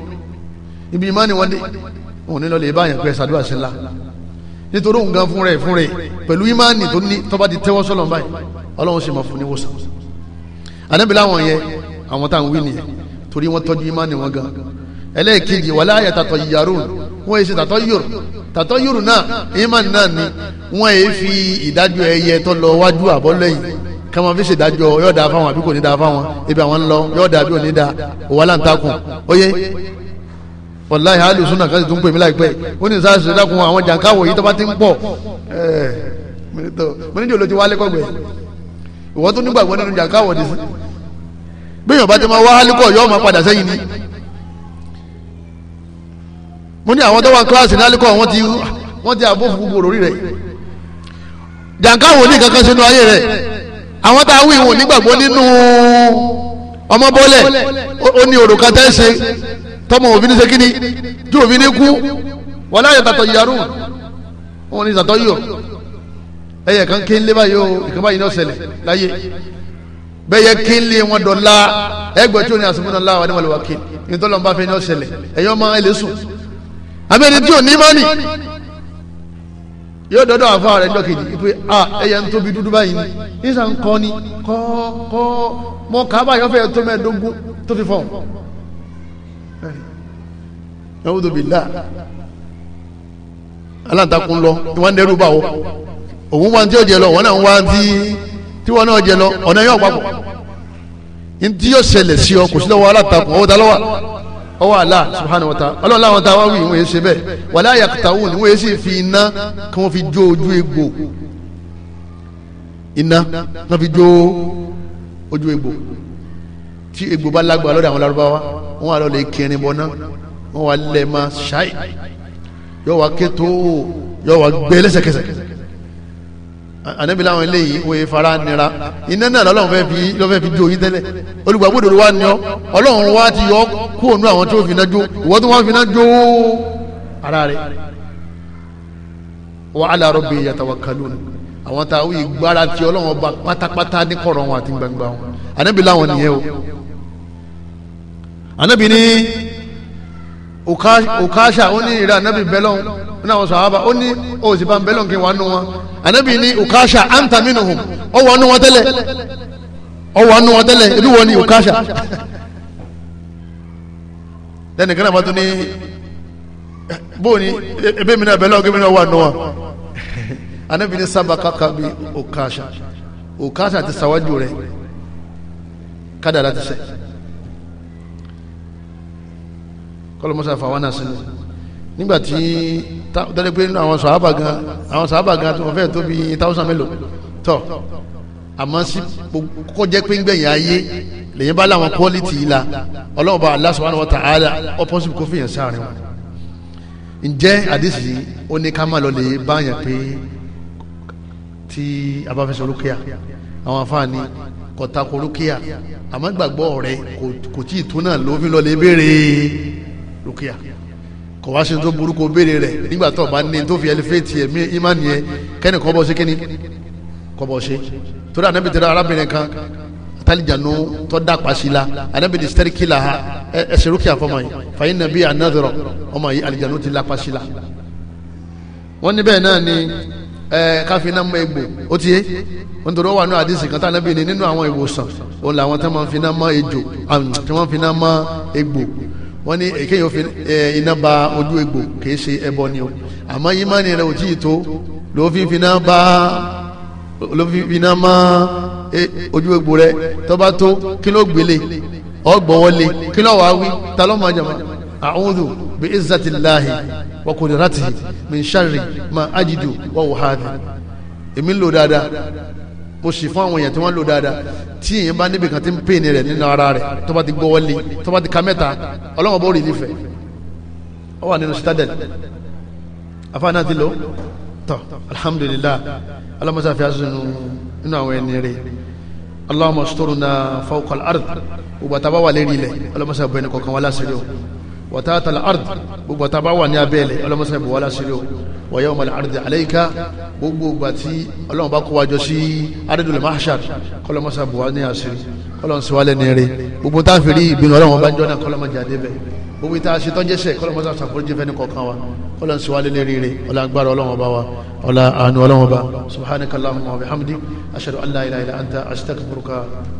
ibi ìmánì wọn dé òun ní lọ́lẹ̀ ìbáyàn pé ẹ̀sàdúrà sí la nítorí òun gan fún rẹ̀ fún rẹ̀ pẹ̀lú ìmánì tó ní tọ́ba ti tẹ́wọ́ sọ́lọ́ báyìí ọlọ́run sì máa fún ní wòsàn ànábìlà àwọn yẹn àwọn táwọn wí nìyẹn torí wọ́n tọ́jú ìmánì wọn gan ẹlẹ́ẹ̀kejì wàlá ayẹ tàtọ̀ yìyàrún wọ́n èsì tàtọ̀ yòrò tàtọ̀ yòrò náà iman náà ni wọ́n èé fi ìdájọ́ ẹyẹ tó lọ wájú àbọ̀ lẹ́yìn kama fi ṣe ìdájọ́ yóò da fáwọn àbí kò ní da fáwọn ibi àwọn ń lọ yóò da bí ò ní da òwàlà ń takùn oyé wàláhì alùsùn náà kásì tó ń pè mí láìpẹ́ ó ní sáà ṣẹlẹ̀ kun àwọn jàǹkáwò yìí tó bá ti ń pọ̀ eh, mo ní jò ló ti wá lẹ́kọ̀gbẹ́ ìwọ́n tó nígbàgbọ́ nínú jàǹkáwò dì sí bí èèyàn bá ti máa wá alùkọ̀ yóò máa padà sẹ́yìn ni mo ní àwọn tó wà kíláàsì lálẹ́kọ̀ọ́ wọ́n ti wọ́n ti àbófin gbogbo lórí rẹ̀ jàǹká wò ní kankan sínú ayé rẹ̀ àwọn tá a wí wò nígbàgbọ́ nínú ọmọ bọ́lẹ̀ ó ní òrùka tẹ́ ṣe tọmọ òfin ní sekini tí òfin ní kú wọn láyọ̀ tàtọ̀ yàrú wọn ní tàtọ̀ yọ̀ ẹyẹ kan kí n lé báyìí o ìkànnì báyìí ní ọ̀sẹ̀lẹ̀ láyé bẹ́ẹ̀ yẹ kí n lé wọn dọ̀la ẹgbẹ́ tí ó ní àsìmúnà láwọn àdéhùn àlùwà kí n tọ́lọ́mùbá fẹ́ ní ọ̀sẹ̀lẹ̀ ẹ̀yọ́ máa ń lè sùn abẹ́ni tí ò ní mọ́nì yóò dọ́dọ̀ àfa rẹ̀ dọ́kìdì pé a ẹyẹ ń tóbi dúdú báyìí ní sàn kọ́ ni kọ́ kọ́ mọ kábà yọ fẹ́ tó mẹ́ẹ̀ẹ́dógún tó fi fọ́ yàwùdó bìlá aláǹtakùn lọ ìwọ́n ń dẹ́rù bá wọ òun wá tí ó jẹ lọ wọn náà ń wá tí tí wọn náà jẹ lọ ọ̀nà yóò papọ̀ ní tí yóò ṣẹlẹ̀ sí ọ kò sí lọ́wọ́ aláǹtakùn ọwọ́ ọwọ́ Allah subhanahu wa ta'ala ọlọ́run láwọn táwọn wí wọ́n yé ṣe bẹ́ẹ̀ wàlẹ́ àyàkùtàwù ni wọ́n yé sì fi iná kí wọ́n fi jó ojú egbò iná wọ́n fi jó ojú egbò tí egbò bá lágbára lọ́dọ̀ àwọn Lárúbáwá wọ́n wà lọ́lẹ̀ kẹrin bọ́ná wọ́n wà lẹ́ẹ̀ ṣáì yọ wà kẹ́tọ́ yọ wà gbẹ lẹ́sẹ̀kẹsẹ̀ ànábi làwọn eléyìí wòye fara nira iná náà lọ́lọ́run fẹ́ fi lọ́fẹ́ fi jó yín tẹ́lẹ̀ olùgbàgbọ́dọ̀ wa ni ọ ọlọ́run wa ti yọ kó ònú àwọn tó fi iná jó ìwọ́n tó wọ́n fi iná jó ara rẹ̀ wa ala rabbi yatawakkalun àwọn tá a wí gbára ti ọlọ́run ọba pátápátá ní kọ̀rọ̀ wọn àti gbangba wọn ànábi làwọn nìyẹn o ànábi ní ukasha oni ira ìrẹ́ anabi bẹ́lọ́n ó náà wọ́n sàhábà ó ní òsì kí n wà wọn anabi ni ukasha anta minhum ó wà nù wọn tẹ́lẹ̀ ó wà nù wọn tẹ́lẹ̀ ebi wọ́n ní ukasha lẹ́nu kan náà bá tún ní bóòní ebe mi náà bẹ́lọ́n kí mi náà wà nù wọn anabi ni sábà kàkà bí ukasha ukasha ti sàwájú rẹ kádàrá ti sẹ́yìn. kọ́lọ́ mọ́sá fà wá náà sílẹ̀ nígbà tí dọ́lé pé nínú àwọn sàhábà gan àwọn sàhábà gan tó wọ́n fẹ́ tó bí táwùsàn mélòó tọ́ àmọ́ sí kọ́ jẹ́ pé ń ayé lèyìn bá láwọn quality la ọlọ́run bá Allah subhanahu wa ta'ala opposite kó fìyàn sáàrin wọn. ǹjẹ́ àdìsí yìí ó ní ká má lọ lè báyàn pé tí a bá fẹ́ sọ rúkìá àwọn afáàní kọ̀tàkùn rúkìá àmọ́ gbàgbọ́ rẹ̀ kò tí ì tó náà lófin lọ lè béèrè rukia kò wá sí tó burúkú béèrè rẹ nígbà tó o bá ní tó fi ẹliféètì ẹ̀mí ìmánì ẹ kẹ́ni kọ́ bọ́ sí kíni kọ́ bọ́ sí torí ànábì tẹ̀lé arábìnrin kan talijanu tó dàpá sí la ànábì ní sẹ́rí kìlà ha ẹsẹ̀ rukia fọmọ yìí fàyín nàbí anadọ̀rọ̀ ọmọ yìí alijanu ti lápá sí la wọ́n níbẹ̀ náà ni káfí náà mọ egbò ó ti yé nítorí ó wà ní àdìsí kan tánà bíi nínú àwọn ìwòsàn òun làwọn tí wọ́n fi náà mọ wọ́n ní èké yóò fi iná ba ojú egbò kìí ṣe ẹbọ ni o àmọ́ ìmánì rẹ̀ ò tí ì tó ló fi finá ba ló fi finá ma e, ojú egbò rẹ̀ tó tó kí ló gbélé ọgbọ̀n wọlé kí ló wàá wí ta ló máa jàmá a'udhu bi izzatillahi wa qudratihi min sharri ma ajidu wa uhadhi èmi ń lò dáadáa bó ṣe fún àwọn èèyàn tí wọ́n lò dáadáa tí èèyàn bá níbi kan tí ń pè ní rẹ̀ nínú ara rẹ̀ tó bá ti gbọ́ wọlé tó bá ti ka mẹ́ta ọlọ́wọ́n bó rí nífẹ̀ ọ wà nínú citadel afáàná ti lò tọ alhamdulillah alamasa fi asunu nínú àwọn ẹni rẹ̀ allahumma asturna fawqa al-ard ògbà bá wà lérí ilẹ̀ alamasa bọ̀ kọ̀ọ̀kan wá láṣẹ rẹ̀ wọ́tá tala ard gbogbo tá a bá wà ní abẹ́lẹ̀ ọlọ́mọsán ìbò wàlá sílẹ̀ o wọ́yẹ́ ọmọ ard aleika gbogbo gbà tí ọlọ́run bá kó wa jọ sí adédọ̀lẹ̀ mahashar kọlọ́mọsán ìbò wà ní àṣírí kọlọ́mọsán ìwà lẹ́ni rẹ̀ gbogbo tá a fi rí ìbínú ọlọ́run bá ń jọ́nà kọlọ́mọjà débẹ̀ gbogbo ìta ṣe tọ́jẹ́sẹ̀ kọlọ́mọsán ìṣàkóso jẹ́fẹ́ ní kọ̀ọ̀kan wa kọlọ́n sí wálé lérí rẹ̀ ọlá agbára ọlọ́wọ́ bá wa ọlá àánú ọlọ́wọ́ bá subhanakallahumma wa bihamdi ashhadu an la ilaha illa anta astaghfiruka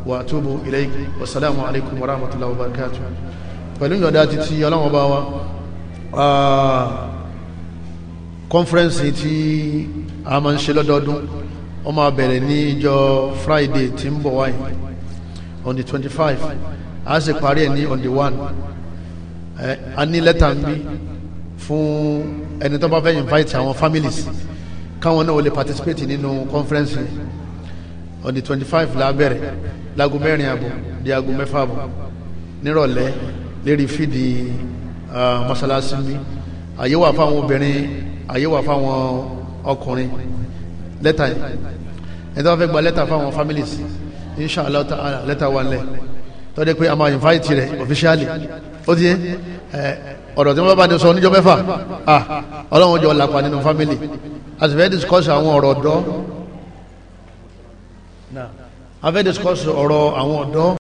wa atubu ilayk wa assalamu alaikum wa rahmatullahi wa barakatuh pẹ̀lú ìyọ̀dá títí ọlọ́wọ́n bá wa kọ́nfẹ́rẹ́nsì tí a máa ń ṣe lọ́dọọdún ó máa bẹ̀rẹ̀ ní ìjọ Friday tí ń bọ̀ wáyé on the twenty five a sì parí ẹ̀ ní on the one a ní lẹ́tà ń bí fún ẹni tó bá fẹ́ invite àwọn families káwọn náà ó lè participate nínú kọ́nfẹ́rẹ́nsì on the twenty five la bẹ̀rẹ̀ láago mẹ́rin àbọ̀ di aago mẹ́fà àbọ̀ nírọ̀lẹ́ lérí fídì mọ́sálásí bí àyè wà fáwọn obìnrin àyè wà fáwọn ọkùnrin lẹ́tà yìí ẹni tó fẹ́ gba lẹ́tà fáwọn families inshallah ta'ala lẹ́tà wà lẹ́ tọ́jú pé a máa invite rẹ̀ officially ó ti yẹ ọ̀rọ̀ tí wọ́n bá ní sọ níjọ́ mẹ́fà ọlọ́run jọ làpá nínú family a sì fẹ́ discuss àwọn ọ̀rọ̀ ọ̀dọ́ a fẹ́ discuss ọ̀rọ̀ àwọn ọ̀dọ́.